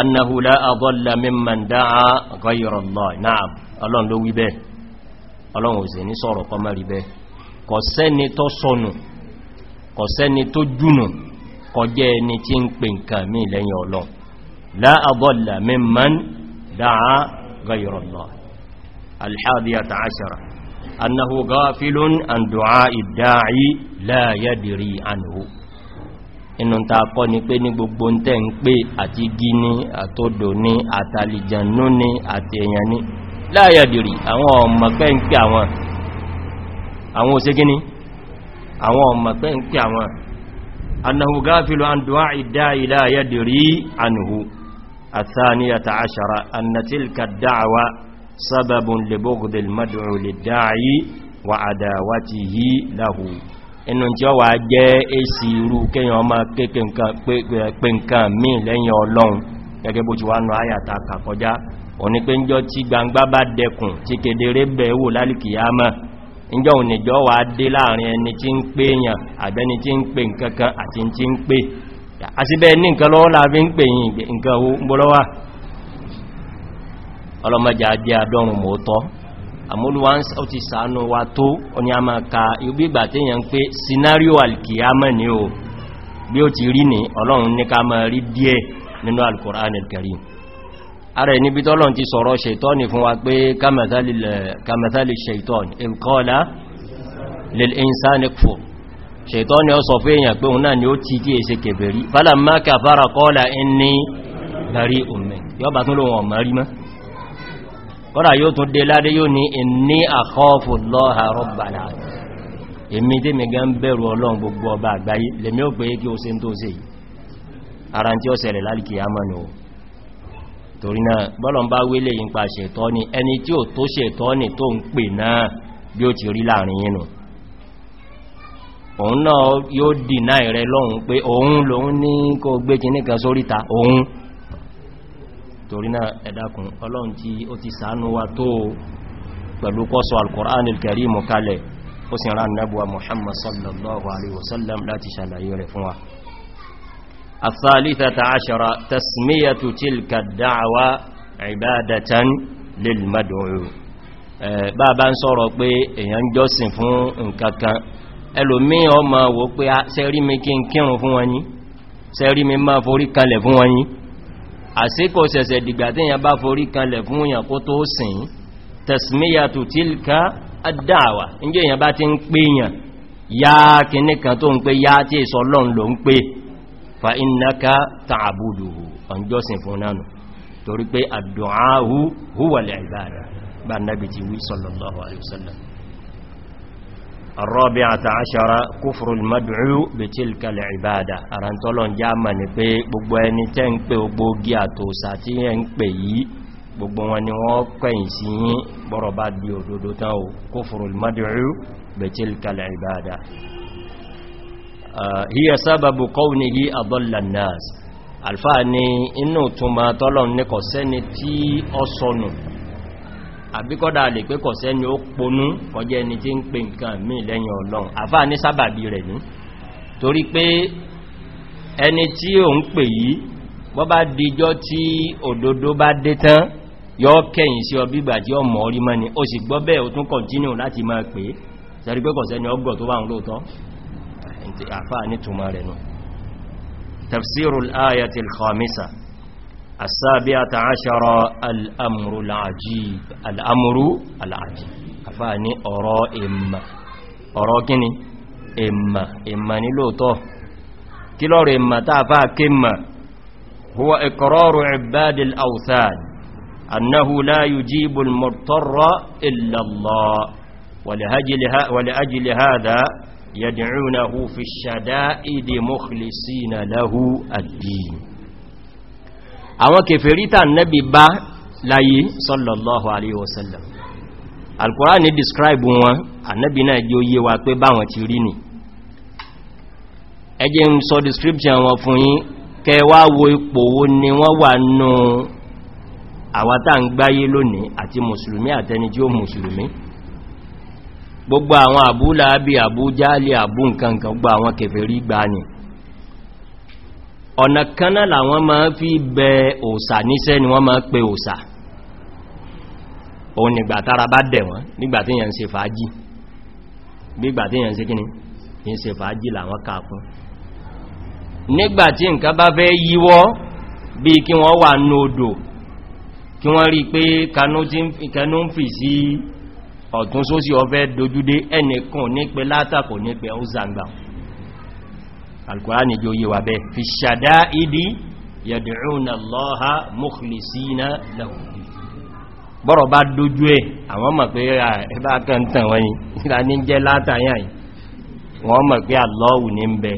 annahu la adalla mimman da'a ghayra Allah na'am ọlọ́run ló wí bẹ́ẹ̀ ọlọ́run ò sì ní sọ̀rọ̀ kọ́ mẹ́rí bẹ́ẹ̀ kò sẹ́ni tó sọnù kò sẹ́ni tó jùnù kò jẹ́ ẹni tí ń pè nǹkan mí annahu gafilun an du'a idda'i la yadiri anhu inú ta kọ́ ni pé ní gbogbo ń tẹ́ ń pé àti gíní àtòdò ní àtàlìjànú ní àti èyàn ní la yadiri àwọn ọmọ pẹ́ ń pé àwọn àwọn òségíní àwọn ọmọ pẹ́ ń pé àwọn annahu gafilun an du'a idda'i la yadiri anhu الثانية عشر أن تلك الدعوة sábàbùn lè bọ́gùdìl mọ́dùrù lè dáàyí wà àdáwàtí yí láhù inú tí ó wà jẹ́ èsì irú kéyàn ọmọ pé nǹkan míì lẹ́yìn ọlọ́run gẹ́gẹ́ bó ti wá nù áyàta kàkọjá òní pé ń jọ tí gbangba bá dẹkùn tí kedere bẹ̀ẹ́wò lálìkìyàmọ́ ìjọ ònìjọ́ wà dé láàrin ẹni tí ń pè èyàn àbẹ́ni tí ń pè nǹkankan àti tí ń pè àsíbẹ̀ ní nǹkan lọ́wọ́ láàrin pè yìn nǹkan owó ń bọ́lọ́wà ọlọ́mọjà jẹ́ àdọ́rùn mọ́tọ́ àmúlùwà ó ti sàánú wa tó oní a máa ka ibi ìgbà tí yẹn ń pé scenario alkiyama ni o bí ó ti rí ní ọlọ́run ní ká máa rí díẹ̀ nínú alkùránì karim ara ẹni bí tọ́lọ́run ti sọ̀rọ̀ ṣaitọ́ni fún wa pé kamathali ṣaitọ́ni yọba tún lóhun ọ̀mọ̀ rí mọ́ kọ́nà yóò tún dé ládé yóò ní inni àkọ́ọ̀fù lọ́ha rọ́bàlá èmi tí mi gan bẹ̀rù ọlọ́run gbogbo ọba àgbáyé lèmi ó pé kí o se ń tó se ara tí ó sẹ̀rẹ̀ lálìkì àmànà o torí náà bọ́lọ̀n bá wílé yí pa ṣètọ́ni ẹni tí ó tó ṣètọ́ni tó ń pè náà bí ó ti rí láàrin yínú torí náà ẹ̀dàkùn ọlọ́run tí ó ti ṣàánú wa tó pẹ̀lú kọ́sọ̀ al-Qur'an al-Karim kalẹ̀ ó sì rán nẹ́bùwa Muhammad sallallahu alaihi wasallam الثالثة عشرة تسمية تلك الدعوة عبادة للمدعو bàbá ń sọ̀rọ̀ pé èyàn ń jọ́sìn fún nǹkankan ẹlòmí ọmọ wò pé sẹ́rí mi kí n kírun fún wọn yí sẹ́rí mi máa forí kalẹ̀ fún wọn yí àsíkò ṣẹ̀ṣẹ̀ dìgbà tí yẹn bá forí kanlẹ̀ fún yẹn kó tó sìn tasmiyatu tilka ad-da'wa ǹjẹ́ yẹn bá ti ń pè yẹn ya kìíní kan tó ń pè ya tí èsọ lọ́n ló ń pè fa innaka ta'buduhu ọjọ́sìn fún nánu torí pé ad-du'ahu huwa al bá nábi ti wí sallallahu alaihi الرابعة عشرة كفر المدعو بتلك العبادة أرانتولون جامن بي بغواني تنك بغوغي أتوساتين بي بغواني وقين سيين بربات ديو دودوتاو كفر المدعو بتلك العبادة هي سبب قونه أضل الناس الفاني إنو تما تولون نكو سنتي أصنو àbíkọ́dà lè pé kọ̀sẹ́ ni ó ponú kọjẹ́ ẹni tí ń pè nǹkan mí lẹ́yìn ọlọ́run àfá ní sábàbí rẹ̀ ní torí pé ẹni tí ò ń pè yìí bọ́ bá díjọ́ tí òdodo bá dé tán yọ́ kẹ́yìn sí ọbí ìgbà tí ọ mọ̀ orí mọ́ ni ó sì gbọ́ bẹ́ẹ̀ ó tún kọ̀ntínú láti máa pè sẹ́rí pé kọ̀sẹ́ ni ọgbọ̀ tó wà ń lóòtọ́ السابعة عشر الأمر العجيب الأمر العجيب أفاني أرى إما أرى كني إما إما نلوتو كلور إما تافا كما هو إقرار عباد الأوثان أنه لا يجيب المرتر إلا الله ولأجل هذا يدعونه في الشدائد مخلصين له الدين àwọn kèfèríta nẹ́bí bá láyé sallallahu alaihi wasallam alkùránì describe wọn anẹ́bí náà jẹ́ oyé wa pé báwọn ti rí ni ẹjẹ́ ń sọ description wọn fún yín kẹwàá wo ipò wo ni wọ́n wà nù àwátà ń gbáyé lónìí àti mùsùlùmí àtẹni tí ó mùsùlùmí gbogbo àwọn àbúlà bí àbújá gbogbo àwọn kèfèrí gbá ọ̀nà kaná làwọn máa fi bẹ òsà níṣẹ́ ni wọ́n máa pe òsà òun nígbà tára bá dẹ̀ wọ́n nígbà tí yẹn ń ṣe fàájì nígbà tí yẹn ń ṣe kíni yẹn ṣe fàájì làwọn kàkún nígbà tí nǹkan bá fẹ́ yíwọ́ bí kí wọ́n wà ní odò kí wọ́n rí pé kanú fi sí ọ̀tún sósì ọ̀fẹ́ dojúdé ẹnìkan ní pé látàkò ó zàgbàun alkùránì jò yíwa bẹ́ fi ṣàdá ìdí yàdùrúnà lọ́ha mukhlisina lahudi bọ́rọ̀ bá dójú ẹ̀ àwọn mọ̀ pé ẹbá kan tàn wọ́n yìí ìlà ní jẹ́ látàyà yìí wọ́n mọ̀ pé àlọ́wù ní ń bẹ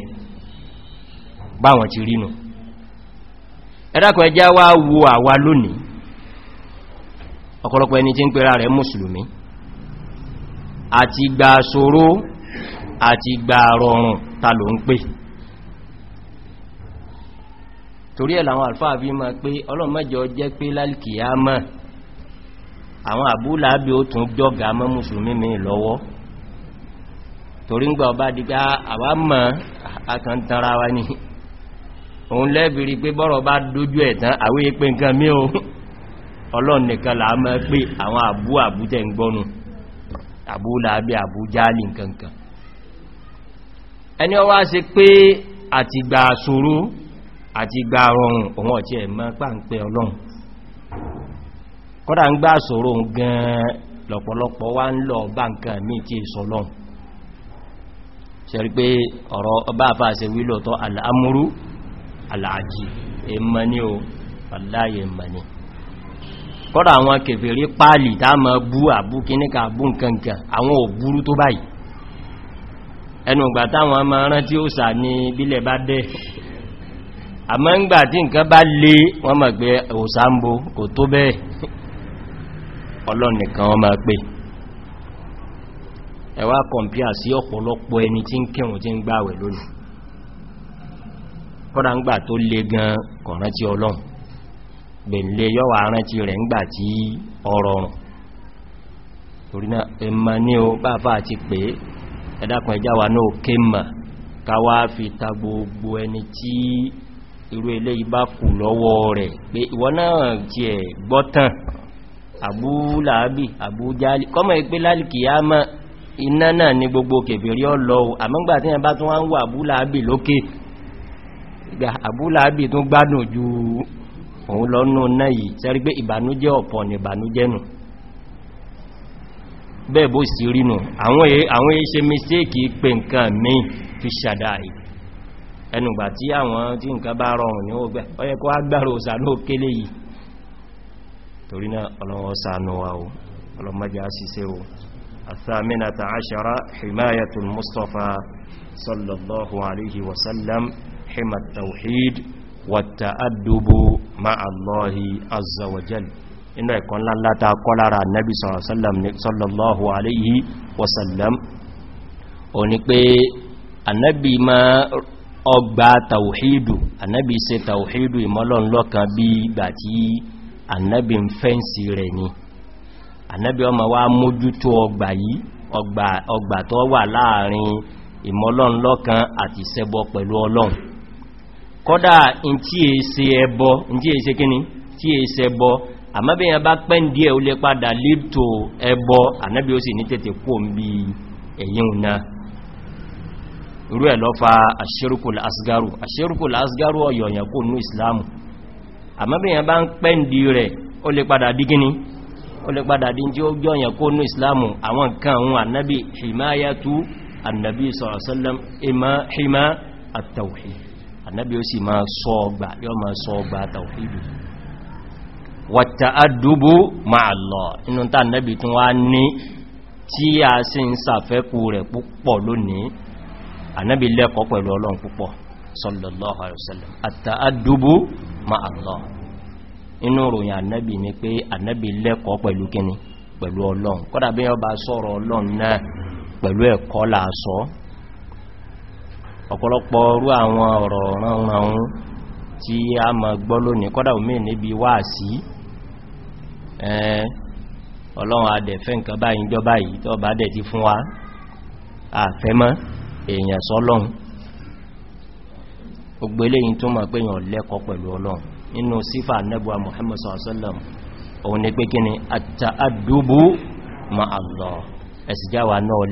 báwọn ti rínú ẹ̀dàkùn ẹjá wá wo àwa lónìí ta ló ń pè torí ẹ̀ làwọn àlfáà bí ma pé ọlọ́mọ́jọ jẹ́ pé lálìkìyàmọ́ àwọn àbúlàábí ó tún jọ́gà mọ́ mùsùlùmí mi lọ́wọ́ torí ah, ń gbà ọba dìgbà àwá mọ́ àtàntara wa ní òun lẹ́bìrí pé bọ́rọ̀ bá dójú ẹ̀tàn àwẹ́ pé nǹkan mí o ọlọ́run là mọ́ pé àwọn àbú àbújẹ́ ń gbọ́nu àbúlàábí àbújáàlì nǹkankan ẹni ọwá ṣe pé àtìgbà àṣòro àti gba rọrùn òun ọ̀tí ẹ̀mọ́ pàǹpẹ́ ọlọ́run kọ́dà ń gbá ṣòro gan lọ̀pọ̀lọpọ̀ wá ń lọ bá nǹkan mí tí èso lọ́run ṣẹ̀rí pé ọ̀rọ̀ ọba àfáàṣẹ wílọ̀tọ́ al'amúrú al'ajì èmọ́ ní o aláyè mọ̀ ní kọ́dà àwọn kèfèrí páàlì dámọ́ bú àbú kíníkà bú nkankan àwọn òbúrú tó báyìí ẹnu táwọn ọmọ rántí ó sà ní bílẹ̀ bá dẹ́ àmọ́ ń gbà tí nǹkan bá lé wọ́n mọ̀ pé òsàmbo kò tó bẹ́ẹ̀ ọlọ́nìkan wọ́n máa pè ẹwà kọ̀mpíà sí ọ̀pọ̀lọpọ̀ ẹni tí ń kẹrùn tí ń gbàwẹ̀ lónìí kọ́dá ń gbà tó lé gan kọ̀rántí ọlọ́run gbẹ̀lẹ̀ yọ́wà arántí rẹ̀ ń ẹmà ní o báfà ti pé ẹ̀dàkùn ẹjáwà náà kéèmà káwàá fi ta gbogbo ẹni tí irú ilé ibá kù lọ́wọ́ rẹ̀ pé ìwọ náà ti ẹ̀ gbọ́tàn àbúláàbì àbújálì kọ́mọ̀ ìpé lálìkì yá mọ́ iná náà ní gbogbo kèfèrí ọlọ́ àmọ́gbà tí wọ́n bá tún wá ń wà àbúláàbì lókè àbúláàbì tún gbádùn ju òun lọ́nà náà yìí sẹ́rí pé ìbànújẹ́ ọ̀pọ̀ ní ìbànújẹ́ nù bẹ́ẹ̀ bó sì ẹnùgbà tí àwọn tí nǹkan bá rọrùn ní ó gbẹ̀ ọyẹ kó agbára òsànú òkèlè yìí torí náà ọlọ́wọ́ sànú wa o ọlọ́mọdé a sì sẹ́wọ́ àtàmínàtà àṣàrá himayatul mustapha sallallahu alaihi wasallam himat ọgbà tàwàhídù annabi se tàwàhídù ìmọ́lọ́n lọ́kan bí ìgbà tí annabi ń fẹ́ǹsì rẹ̀ ni annabi ọmọ wá mójútó ọgbà yìí ọgbà tó wà láàrin ìmọ́lọ́n lọ́kan àti ṣẹbọ pẹ̀lú ọlọ́run kọ́dà in tí è ṣe ẹbọ in bá ó irú ẹ̀ lọ fa àṣírùkùl asgaru àṣírùkùl asgaru ọ̀yọ̀yàn kò ní islamu àmọ́bìyàn bá ń pẹ́ndì rẹ̀ ó lè padà dí gíní ó lè padà dí tí ó gbọ́yàn kò ní islamu àwọn nǹkan àwọn annabi himayatu annabi sọ̀rọ̀sọ́lọ́m ima hima at-tawhid annabi ó sì máa sọ ọgbà yóò máa sọ ọgbà tawhidu wàtàádùbù ma'àlọ̀ inú ta annabi ànábì lẹ́kọ̀ọ́ pẹ̀lú ọlọ́run púpọ̀ sallallahu alaihi wasallam at-ta'addubu ma'a Allah inú ròyìn ànábì ni pé ànábì lẹ́kọ̀ọ́ pẹ̀lú kíni pẹ̀lú ọlọ́run kọ́dà bí yọ bá sọ̀rọ̀ ọlọ́run náà pẹ̀lú ẹ̀kọ́ làásọ́ ọ̀pọ̀lọpọ̀ orú àwọn ọ̀rọ̀ ránranun tí a ma gbọ́ lónìí kọ́dà omi níbi wáàsí ọlọ́run adẹ̀fẹ́ nǹkan báyìí jọba èèyàn sọ́lọ́run gbogbo eléyìn tó máa péyàn lẹ́kọ̀ọ́ pẹ̀lú ọlọ́run nínú sífà nẹ́bùwa mohamed sallallahu òun ni pé kíni àtàdúbú ma ẹ̀sìjáwà náà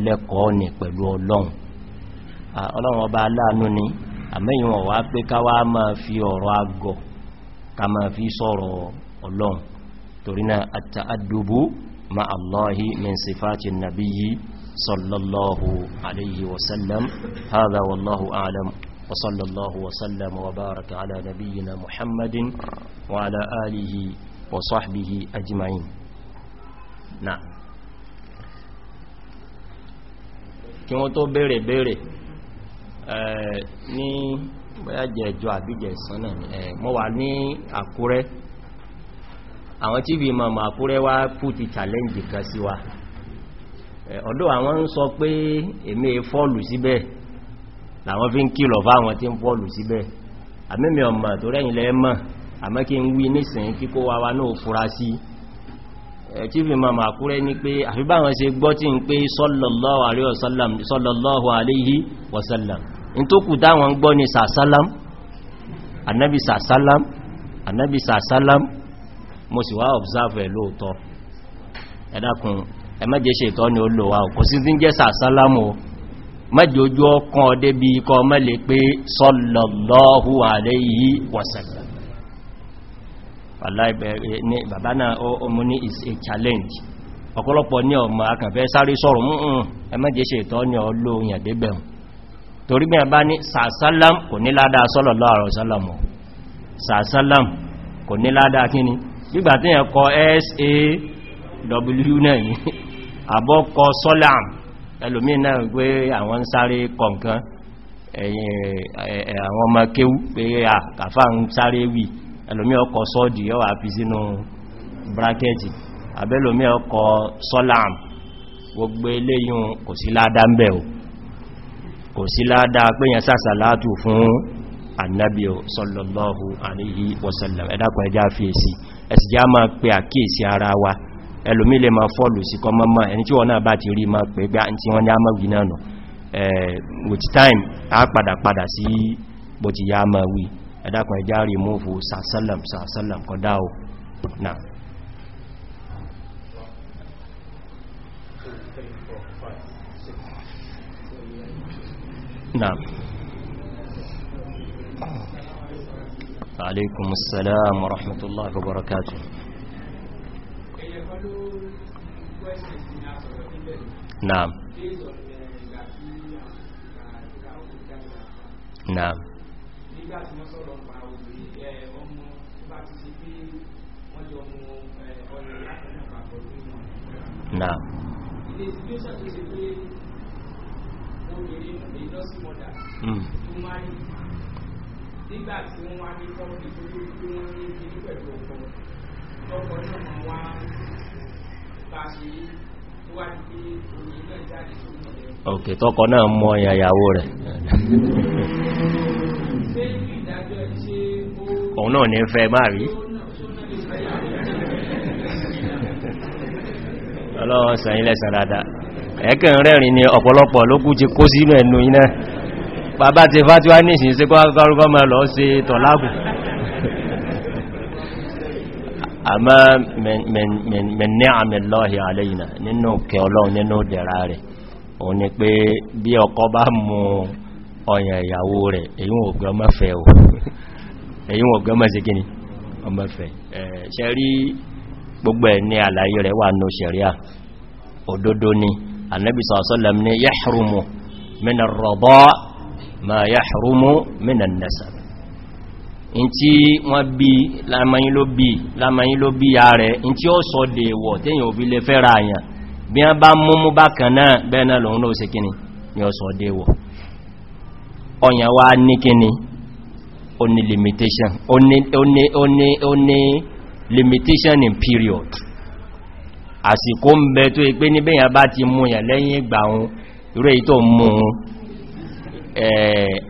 ní pẹ̀lú ọlọ́run ọlọ́run ọba aláàánú ni fi fi ma min صلى الله عليه وسلم هذا والله أعلم وصلى الله وسلم وبارك على نبينا محمد وعلى آله وصحبه أجمعين نعم kí wọ́n tó bèèrè bèèrè ní bẹ́yàjẹ́ ẹjọ́ àbíjẹ̀ ìsànnà mọ́ wà ní Àkúrẹ́ àwọn tí bí Àkúrẹ́ wá put challenge kan sí wa ọ̀dọ́ àwọn ń sọ pé èmi fọ́ọ̀lù síbẹ̀ làwọn fi ń kìlọ̀ fáwọn tí ń fọ́ọ̀lù síbẹ̀ àmẹ́mì ọmọ tó rẹ̀yìn lẹ́ẹ̀mọ̀ àmọ́ kí ń wí nísìn kíkó wa wa náà fura sí tí fi ma ma kúrẹ́ ní pé àfibáwọn ṣe gbọ́ tí ń pé sallallahu alayhi wa sallam in tó kù dáwọn gbọ́ ni sàsálám annabi sàsálám annabi sàsálám mo sì wá observe ẹ̀ lóòtọ́ ẹ̀dàkùn ẹ má jẹ́ ṣètọ́ ni ó lò wá kò sí dín jẹ́ sàsálámù mẹ́jọ́jú ọkàn ọdé bí ikọ́ mẹ́lẹ̀ pé sọ́lọ̀lọ́hù àlẹ́yìí is a challenge ọ̀pọ̀lọpọ̀ ní ọmọ akànfẹ́ sáré sọ́rọ̀ mún ẹ má jẹ́ ṣètọ́ ni ó lò yàn débẹ̀rún torí bí a bá ní sàásálàm kò ní ládàá sọ́lọ̀lọ́ àrọ̀ sálàm ọ̀ sàásálàm kò ní kíni gbígbà tí yẹn kọ saw náà àbọ́kọ sọ́làm ẹlòmí náà pé àwọn ń sáré kọ̀ǹkan àwọn ọmọ kéwú pé àkàfà ń sáré wì ẹlòmí ọkọ sọ́dì yọ́ àfi sínú brákẹ́tì àbẹ́lòmí ọkọ sọ́làm gbogbo eléyìn kò sí ládá ń bẹ̀ o kò sí ládá pé yẹn sàṣàlátù fún annabi ẹ̀dàkùn ẹjá fèsì ẹ̀sì já máa pe àkíyèsí ara wa ẹlòmí lè ma fọ́lù sí kọmọ́mọ́ ẹni tí wọ́n náà bá ti rí ma pẹ̀ gbá tí wọ́n yá mọ́wí náà nù with time a padà padà sí bó ti yá ma wí ẹ̀dàkùn ẹjá rí múfù sàásẹ́lẹ̀m sàásẹ́lẹ̀m kọ́dá o náà Naam. Naam. Nígbà Naam. Ilé hmm òkè tọ́kọ náà mọ ìyàwó rẹ̀ òun náà ní fẹ́ máa rí ọlọ́wọ́n sẹ̀yìn lẹ́sẹ̀ rádá ẹ̀kẹ́ rẹ̀rin ni ọ̀pọ̀lọpọ̀ lókú ti kó sínú ẹnu iná bàbá ti fàtíwá ní ìsìnkú akọ́rùkọ́ ma lọ sí tọ̀lágùn àmá mẹ́nìyàmẹ́lọ́hì àlẹ́yìnà nínú kẹ ọlọ́run nínú dẹ̀ra rẹ̀ òun ni pé bí ọkọ bá mú ọyàn ìyàwó rẹ̀ èyí wọ́n gbọ́ mọ́fẹ́ o èyí wọ́n gbọ́ mọ́sí kíni ọmọfẹ́ ṣẹ́rí gbogbo ẹ̀ ní àlàyé rẹ̀ wà ní ṣẹ̀ríà òdodo ni annabi sọ̀sọ́lẹ̀m ni yahrumu minan rọ̀bọ́ ma yahrumu minan nasab in tí wọ́n bí lámàáyín ló bí lámàáyín ló bí ya rẹ̀ in tí ó sọ dèèwọ̀ téyàn òbí lè fẹ́ àyàn bí wọ́n bá mú bá kan náà bẹ́ẹ̀ náà lòun lóò ṣe kíni ni ó sọ dèèwọ̀ ọ̀yàn wá ní kíni ó ní limitation ó ní ó ní limitation in period àsìkò ń bẹ tó ipé níbẹ̀yàn bá ti mú yàn lẹ́yìn ìgbà ohun irú èyí tó mú un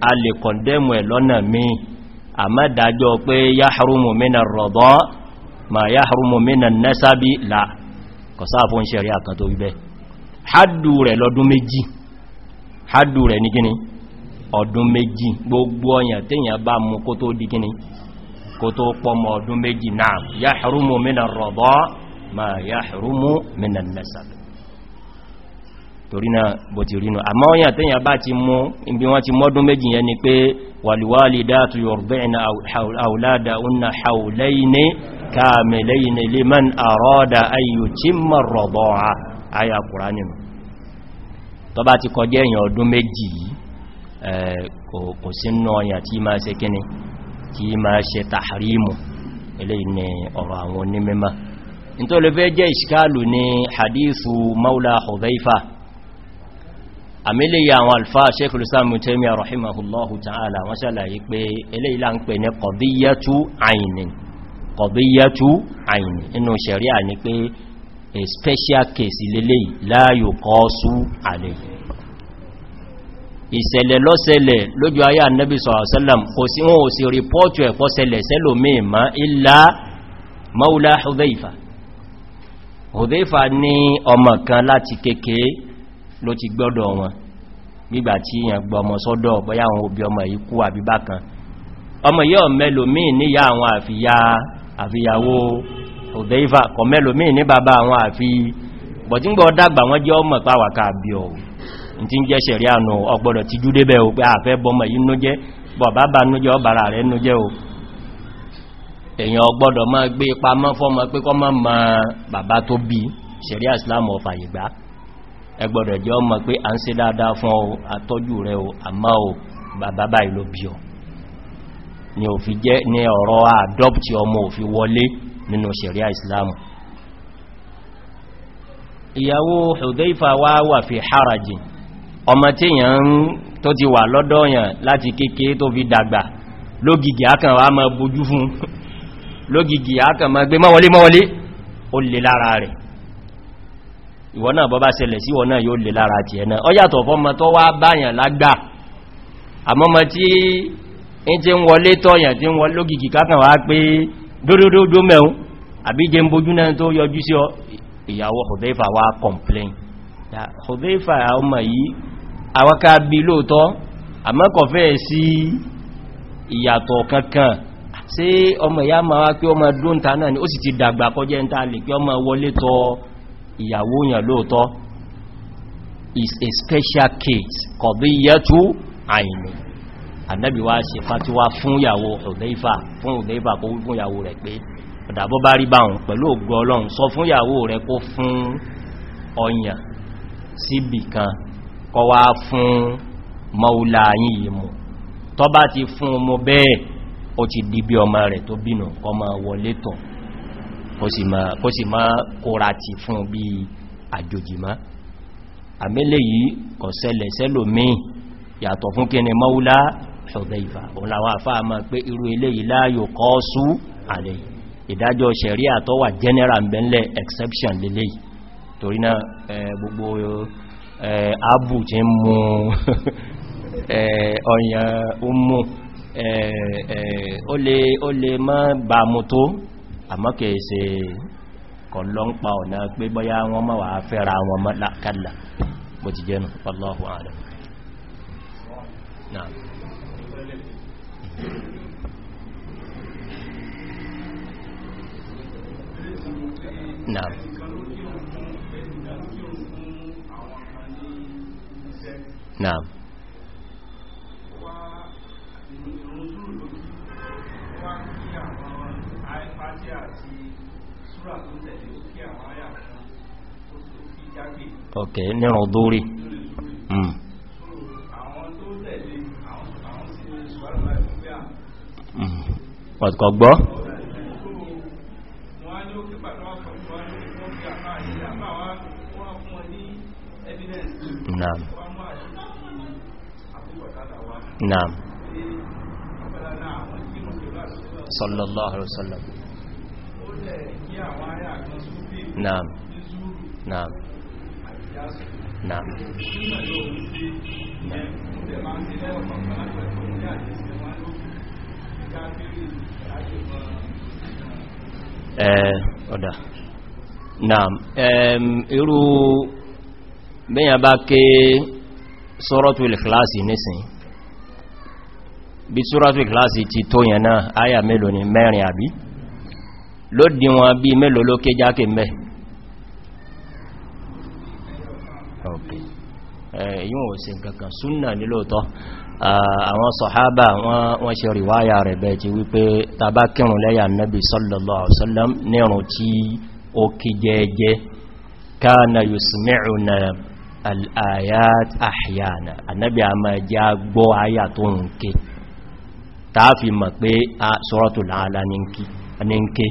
a lè kọ̀ndẹ́mù ẹ̀ lọ́nà míì àmá dájọ́ pé yáhàrùmù mínà rọ̀dọ́ ma yáhàrùmù mínà nẹ́sábí là kọ̀sáàfún ṣẹ̀rí àkàn wíbẹ̀ haddù rẹ̀ lọ́dún méjì haddù rẹ̀ ní gíní ọdún méjì gbogbo ọyàn tíyàn bá mú kó tó di gíní kó tó pọmọ ọdún méjì náà yáhàrùmù mínà rọ̀dọ́ ma والوالدات يرضعن أولادهن حولين كاملين لمن أراد أن يتم الرضاعة آية القرآن tọba ti kọjẹ́ èyàn ọdún méjì kò sínú ọ̀yà tí máa ṣe kíni tí máa ṣe tàhrímù ilé ìní ọ̀rọ̀ àwọn onímẹ́má. ní tó lè fẹ́ jẹ́ ìṣkálù ní hadithu maula hudhaifa àmìlẹ̀ yà àwọn alfa Sheikhul Islam Ibn Taymiyyah rahimahullahu ta'ala wọ́n ṣàlàyé pé eléyìí là ń pè ní qadiyyatu aynin qadiyyatu aynin inú sharia ni pé a special case lélẹ̀ la yuqasu alayhi ìṣẹ̀lẹ̀ lọ́sẹ̀lẹ̀ lójú ayé annabi sallallahu alaihi wasallam kò sí wọn ò sí rìpọ́tù ẹ̀kọ́ ṣẹlẹ̀ sẹ́lòmí ma illa maula Hudhayfa Hudhayfa ní ọmọ kan láti ló ti gbọ́dọ̀ wọn gbígbà tí yàn gbọ́ ọmọ sọ́dọ̀ bọ́yá àwọn òbí ọmọ yìí kú àbí bákan ọmọ yóò mẹ́lòmí níyà àwọn àfiyàwó òdẹ́ifà kọ mẹ́lòmí ní bàbá àwọn àfi bọ̀tígbọ́ dàgbà wọ́n jẹ́ ọmọ pàwàkà àbí ọ̀wọ̀ tí ń jẹ́ ṣẹ̀rí ànà ọgbọ̀dọ̀ ti júdé bẹ̀ òpé àfẹ́ bọmọ yìí nú ẹgbọ́dọ̀ jẹ́ ọmọ pé a ń ṣe dáadáa fún ọ àtọ́jú rẹ o àmá o bàbá báyìí ló bí ọ ni ò fi jẹ́ ní ọ̀rọ̀ àdọ́pti ọmọ ò fi wọlé nínú ṣẹ̀ríà ìsìláàmù ìyàwó Hudhaifa wá wà fi harajin ọmọ tí yàn tó ti wà lọ́dọ̀ yàn láti kéèké tó fi dàgbà lógìgì ákàn wá máa bojú fún lógìgì ákàn máa gbé mọ́wọlé mọ́wọlé ó lè lára rẹ̀ ìwọ náà bọ́ bá ṣẹlẹ̀ sí ìwọ náà yóò lè lára ti ẹ̀nà ọ yàtọ̀ fọ́mọ tó wá báyàn lágbà àmọ́mọ́ tí ń tí ń wọlé tọ́yàn tí ń wọlé lógìkì kákan wá pé dódódó mẹ́un àbí jẹ mbojú náà tó yọjú sí ìyàwó hudhaifa wá ìyàtọ̀ kankan sí ọmọ ìyá ma wá pé ọmọ dóntà náà ni ó sì ti dàgbà kọjẹ́ ń tàà pé ọmọ wọlé tọ́ ìyàwó yàn lóòtọ́ is a special case kọ̀bíyàtú àìní ànábì wá ṣe fàtíwá fún ìyàwó Hudayfa fún Hudayfa kó fún ìyàwó rẹ̀ pé ọ̀dàbọ́ bá rí báhùn pẹ̀lú ògbọ́ ọlọ́run sọ fún ìyàwó rẹ̀ kó fún ọyàn síbì kan kọ wá fún maula yìí mú tọ́ bá ti fún ọmọ bẹ́ẹ̀ ó ti di ọmọ rẹ̀ tó bínú kọ ma wọlé tàn kó sì máa kóra ti fún bí àjòjì má àmẹ́lẹ̀ yìí kọ̀ sẹlẹ̀ sẹ́lò míì yàtọ̀ fún kí ni maula Hudhaifa òun làwọn àfáà ma pé irú eléyìí la yuqasu alayhi ìdájọ́ ṣẹ̀ríà tó general mbẹ̀lẹ̀ exception lélẹ̀ torí náà gbogbo abu ti ń mú ọ̀yàn ó mú ó lè má bàmú tó àmọ́ kìí ṣe kọlọ́npa ọ̀nà pé bọ́yá wọn mọ́ wà fẹ́ra wọn mọ́ lákàlà bó ti jẹ́nu wallahu a'lam Naam. ok hmm. hmm. ní ọdúrí ọ̀tọ̀ gbọ́ naam sallallahu alaihi wasallam naam naam naam eh ọ̀dá naam irú bẹ́yàn bá ké sọ́rọ̀tù ìlẹ̀kìláàsì nísìn bí sọ́rọ̀tù ìlẹ̀kìláàsì ti tó yẹn náà áyà mélòó ni mẹ́rin àbí ló dí wọn bí mélòó ló ké jákè mẹ́ èyíwọ̀n ò sí nǹkankan súnnà nílòótọ́ àwọn sọ̀hábà wọ́n ṣe ríwáyà rẹ̀ bẹ̀ ti wípé tàbá kírùn lẹ́yà nẹ́bí sallallahu alaihi wasallam nírùn tí ó kí jẹ́ẹ̀jẹ́ jẹ́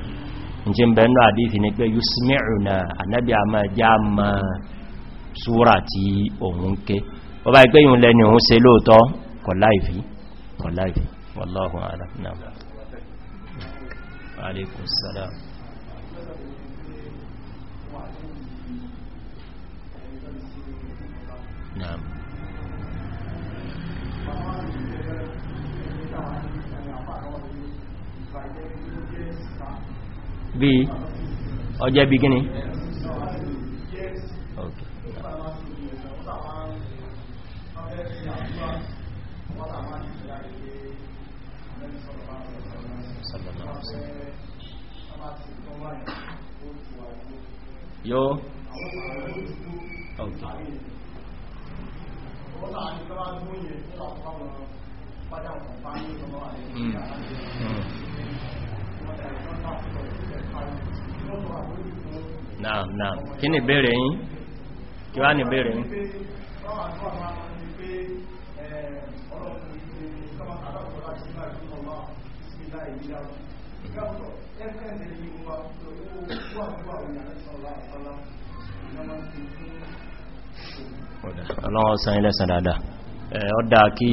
jí ń bẹ̀ẹ́nà àdífì ní pé yusmi'una ànábì a máa já ma súra tí òun ké ó bá ipé yìí lẹ́ni òun se lóòtọ́ kọ̀ láìfí kọ̀ láìfí wallahu a'lam náà naam bí ọjẹ́ bí gíní yóò ok Mm. Mm. naam naam kí ni ìbéèrè yín kí wá ní ìbéèrè ọlọ́wọ́ san ilẹ̀ sàn dáadáa ọ̀dá kí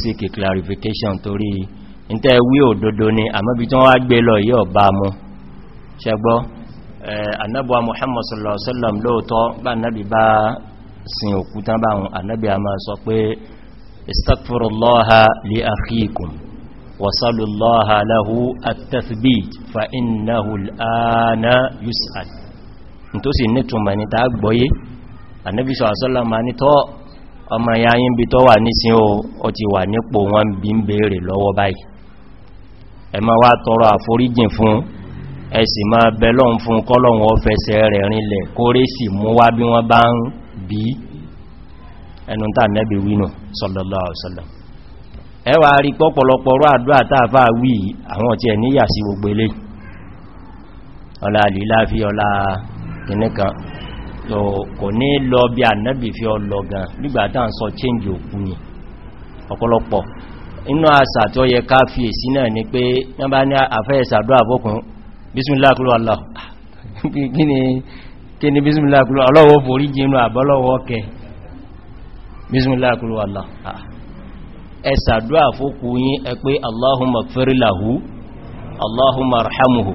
sí kí clarification torí ìtẹ́ wí òdodo ni àmọ́bí tí wọ́n wá gbé lọ yíò bá mú ṣẹgbọ́ annabuwa muhammad sallallahu alaihi wasallam lóòtọ́ bá annabi bá sin òkúta bá wọn annabi a máa sọ pé istagfirullaha li akhikum wasalullaha lahu at-tathbit fa innahu al'ana yus'al tó sì nítumọ̀ ní ta gbọ́yé annabi sallallahu alaihi wasallam ma ní tọ́ ọmọ o ti wà nípò wọn bí ń bèèrè lọ́wọ́ báyìí ẹ ma wá tọrọ àforíjìn fún ẹ sì ma bẹ̀lọ́n fún kọ́lọ̀wọ́ fẹsẹ̀ rẹ̀ rinlẹ̀ kóré sì mú wá bí wọ́n bá ń bí ẹnu tàà nẹ́bí wínú sallallahu alaihi wasallam ẹ wá rí pọ́pọ̀lọpọ̀ rú àdúrà tààfà wí àwọn ọ̀tí ẹ̀ níyà sí gbogbo ilé ọlá àlìláfí ọlá kìnníkan tó kò ní ọ̀pọ̀lọpọ̀ inú àṣà tí ó yẹ ká fi èsí náà ni pé wọ́n bá ní àfẹ́ ìsàdó àbọ́kùn bísmìláàkúrò Allah kí ni bísmìláàkúrò ọlọ́wọ́ forí jínú àbọ́lọ́wọ́ kẹ bísmìláàkúrò Allah ah. ẹsàdó àfókù yín ẹ pé Allahumma gfir lahu Allahumma arhamhu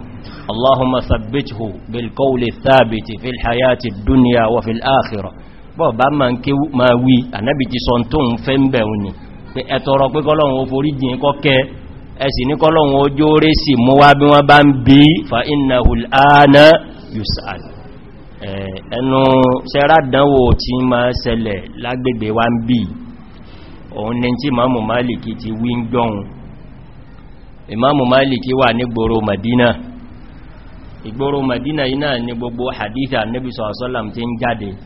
Allahumma thabbithu bil qawli thabiti fil hayati dunya wa fil akhirah bọ́ bá ma ń ké ma wí ànábì ti sọ tó ń fẹ́ ń bẹ̀rún ni pé ẹ̀tọ̀rọ pé kọ́lọ̀wọ̀n oforí jìn kọ́kẹ́ ẹ̀sì ní kọ́lọ̀wọ̀n ojó rẹ̀ sì mú wá bí wọ́n bá ń bí fa iná hulana yus'al ẹnu sẹ́ràdánwò tí ma ṣẹlẹ̀ lágbègbè wá ń bí òun ni tí imamu maliki ti wí ń gbọ́hun imamu maliki wà ní gbòrò madina ìgbòrò madina iná ni gbogbo haditha nabi sallallahu alaihi wasallam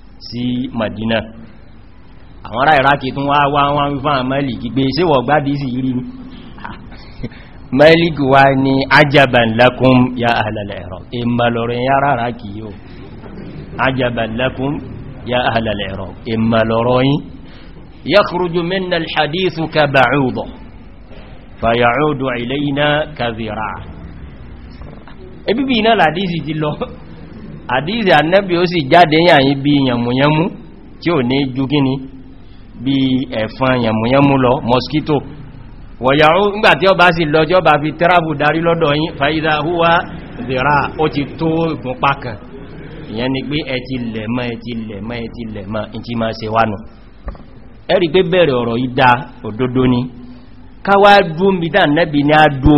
sí Madina àwọn ará Iraq tún wá wá wá ń fún àmẹ́lì gbígbé ṣe wọ̀ gbádìí sí rí ní mẹ́lìkì wá ní ajaban lakum ya ahlal Iraq ìmàlọ̀rẹ̀ yára Iraq yóò ajaban lakum ya ahlal Iraq ìmàlọ̀rọ̀ yìí yakhruju minna alhadithu ka ba'udah fayaudu ilayna ka zira' ebibi iná làdísì ti lọ àdíìsì annabi ó sì jáde yàyìn bí yàmùyàmú tí ò ní jú kíni bí ẹ̀fọn yàmùyàmú lọ mosquito wọ̀yàwó ngbàtí ọba sì lọ tí ọba fi tẹ́ràbù darí lọ́dọ̀ yín fàíza húwá zira ó ti tó ìgúnpá kan ìyẹn ni pé ẹ ti lẹ̀mọ́ ẹ ti lẹ̀mọ́ ẹ ti lẹ̀mọ́ ìtí máa se wánu ẹ̀rí pé bẹ̀rẹ̀ ọ̀rọ̀ ìdá òdodo ni káwàá dúó mi dá nẹ́bì á dúó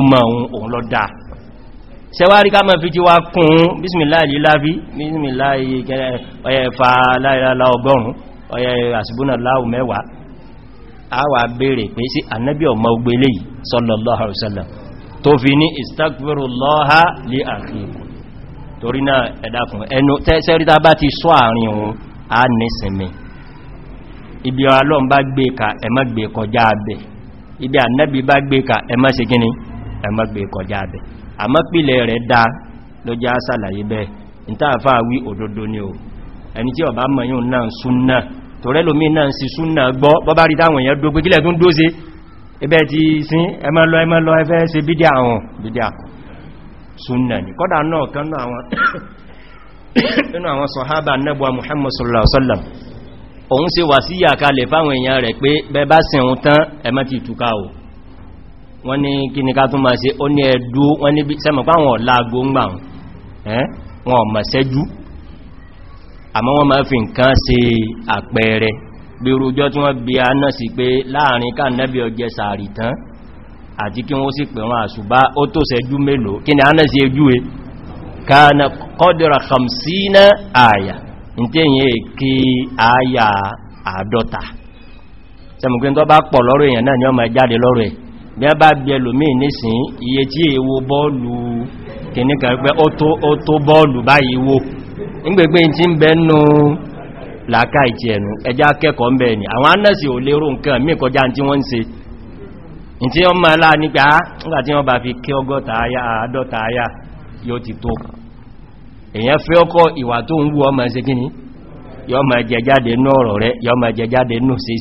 òun lọ sẹwárí ká mọ̀ fi ti wá kún bísmìláì lábí bísmìláì ọ̀yẹ̀ fa láìláà ọgọ́rùn ọ̀yẹ̀ àṣìbúnà láàù mẹ́wàá a wà bèèrè pé sí annabi ọmọ ogbélé sallallahu alaihi wasallam tó fi ní istaghfirullaha gbé kọjá abẹ àmọ́pìlẹ̀ rẹ̀ dá ló já sàlàyé bẹ́ ìtàfà wí òdodo ni o ẹni tí ọba mọ̀yún náà súnnà tó rẹ́ lómi náà sí súnnà gbọ́ bọ́bá rí táwọn èèyàn dógbé kílẹ̀ tún dóse ẹbẹ́ ti sín ẹmọ́lọ ẹmọ́lọ ẹfẹ́ ṣe bídí àwọn bídí àkọ́ súnnà ni kọ́dà muhammad sallallahu alaihi wasallam òun ṣe wà sí yà kalẹ̀ fáwọn èèyàn rẹ̀ pé bẹ wọ́n ní kí ní ká tún máa ṣe ó ní ẹ̀dú wọ́n ní sẹ́mọ̀ páwọn ọ̀láàgbó ń gbà wọn ọ̀mọ̀ sẹ́jú àmọ́ wọ́n máa fi nǹkan ṣe àpẹẹrẹ bí rújọ́ tí wọ́n bí a náà sí pé láàrin ká nẹ́bí ọjẹ́ sàárì tán àti kí wọ́n sì pè wọn àṣùbá ó tó sẹ́jú mélòó kí e? kana qadra khamsina àyà ní tí èyàn kí àyà àádọ́ta sẹ́mùgbé tó bá pọ̀ lọ́rọ̀ èèyàn náà ni ọmọ jáde lọ́rọ̀ ẹ̀ bí a bá bí ẹlòmíì nísìn iye tí èwo bọ́ọ̀lù kìníkà wípé ó tó bọ́ọ̀lù báyìí wó nígbègbè tí ń bẹ nú ìtì ẹ̀nù ẹjá kẹ́kọ̀ọ́ ń bẹ àwọn anẹ́sì ò lérò nǹkan mí kọjá tí wọ́n ń se tí wọ́n máa láà nígbà nígbà tí wọ́n bá fi kí ọgọ́ta aya àádọ́ta aya yóò ti tó èyàn fẹ́ ọkọ̀ ìwà tó ń wú ọmọ yọ́ ma jẹ jáde ọ̀rọ̀ rẹ ma jẹ jáde sí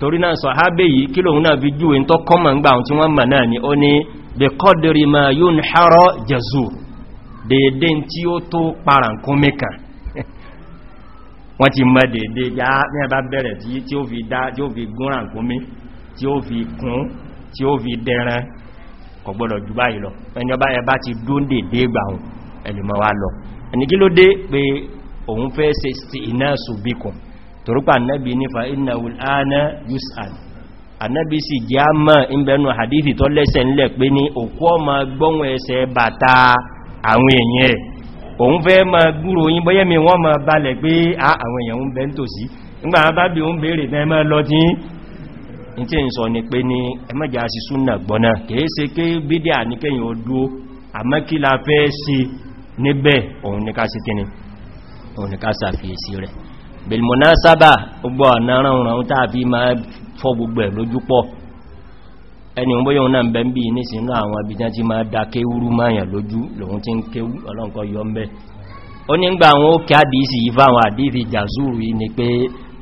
torí náà sọ̀hábé yìí kí lòun náà fi júwe tó kọ́mọ̀ ńgbà tí wọ́n mọ̀ náà ni ó ní the kọ́dìrì ma yún harọ́ jẹ̀zù dèédé tí ó tó parankún mẹ́kàn wọ́n ti mọ́ dèédé já ní ẹbá bẹ̀rẹ̀ tí ó fi dá tí ó fi gúnrankún mẹ́ tí ó fi kún torípa annabi nífa iná wùlánà yus'al annabi sì jẹ́ a mọ́ ìbẹ̀nu hadithi tó lẹ́sẹ̀ nílẹ̀ pé ní òkú ọmọ gbọ́nwọ̀ ẹsẹ̀ bàtà àwọn èèyàn rẹ̀ òun fẹ́ mọ́ gúrò yí bọ́yẹ́mi wọ́n mọ́ balẹ̀ pé àwọn èèyàn ń bẹ́ ń tòsí nígbà bá bí ó ń bèèrè mẹ́mọ́ lọ tí ní tí ń sọ ni pé ní ẹmọ́jà sí rẹ̀ bilmuna sábà gbogbo ọ̀nà ránràn tàà fi ma fọ gbogbo ẹ̀ lójúpọ̀ ẹni wọ́n bóyọ̀ náà bẹ̀ ń bí ní sínú àwọn abidjan ti ma dá kéwúrú máyàn lójú lòun ti ń kéwú ọlọ́nkọ yọ mẹ́ ó ní gbà àwọn òkè àdìsì yìí fáwọn àdìsì jàzúrù yìí ni pé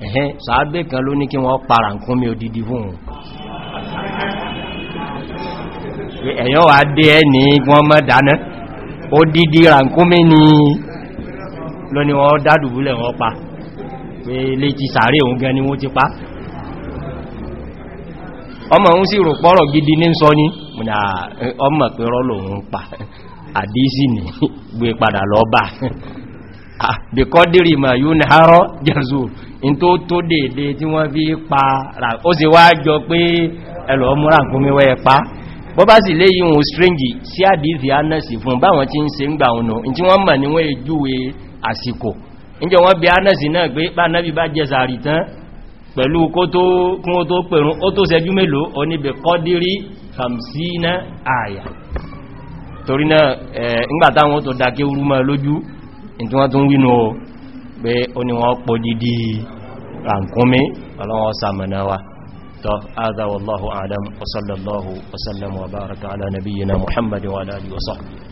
ẹ̀hẹ́n sàábé kan ló ní kí wọ́n para nǹkan mi odidi fún un ẹ̀yọ́ wà dé ẹni wọ́n mọ́ dádùbúlẹ̀ wọ́n pa pé lè ti sàárè òun gan ni wọ́n ti pa ọmọ òun sì rò gidi ní sọ ní ọmọ pé rọ́lò pa àdísì ní gbé padà lọ bá bíkọ́dìrì ma yóò náàrọ́ jẹ́zù in tó tó dèdè tí wọ́n fi pa rà ó sì wá jọ pé ẹlọ múra kún mẹ́wẹ́ pa bọ́ bá sì léyìn ohun strange sí àdífì anẹ́sì fún báwọn tí ń se ń gbà ọ̀nà tí wọ́n mọ̀ ní èjúwe àsìkò ìjọ wọ́n bí anẹ́sì náà pé bá nẹ́bí bá jẹ sàárì tán pẹ̀lú kó tó kún ó tó pẹ̀rún ó tó sẹjú mélòó o níbẹ̀ kọ́dírí kàmsíná àyà torí náà ǹgbàtá wọn tó dáké urúmọ́ lójú ìtí wọ́n tún wínú o pé wa baraka ala nabiyyina muhammadu wa alihi wa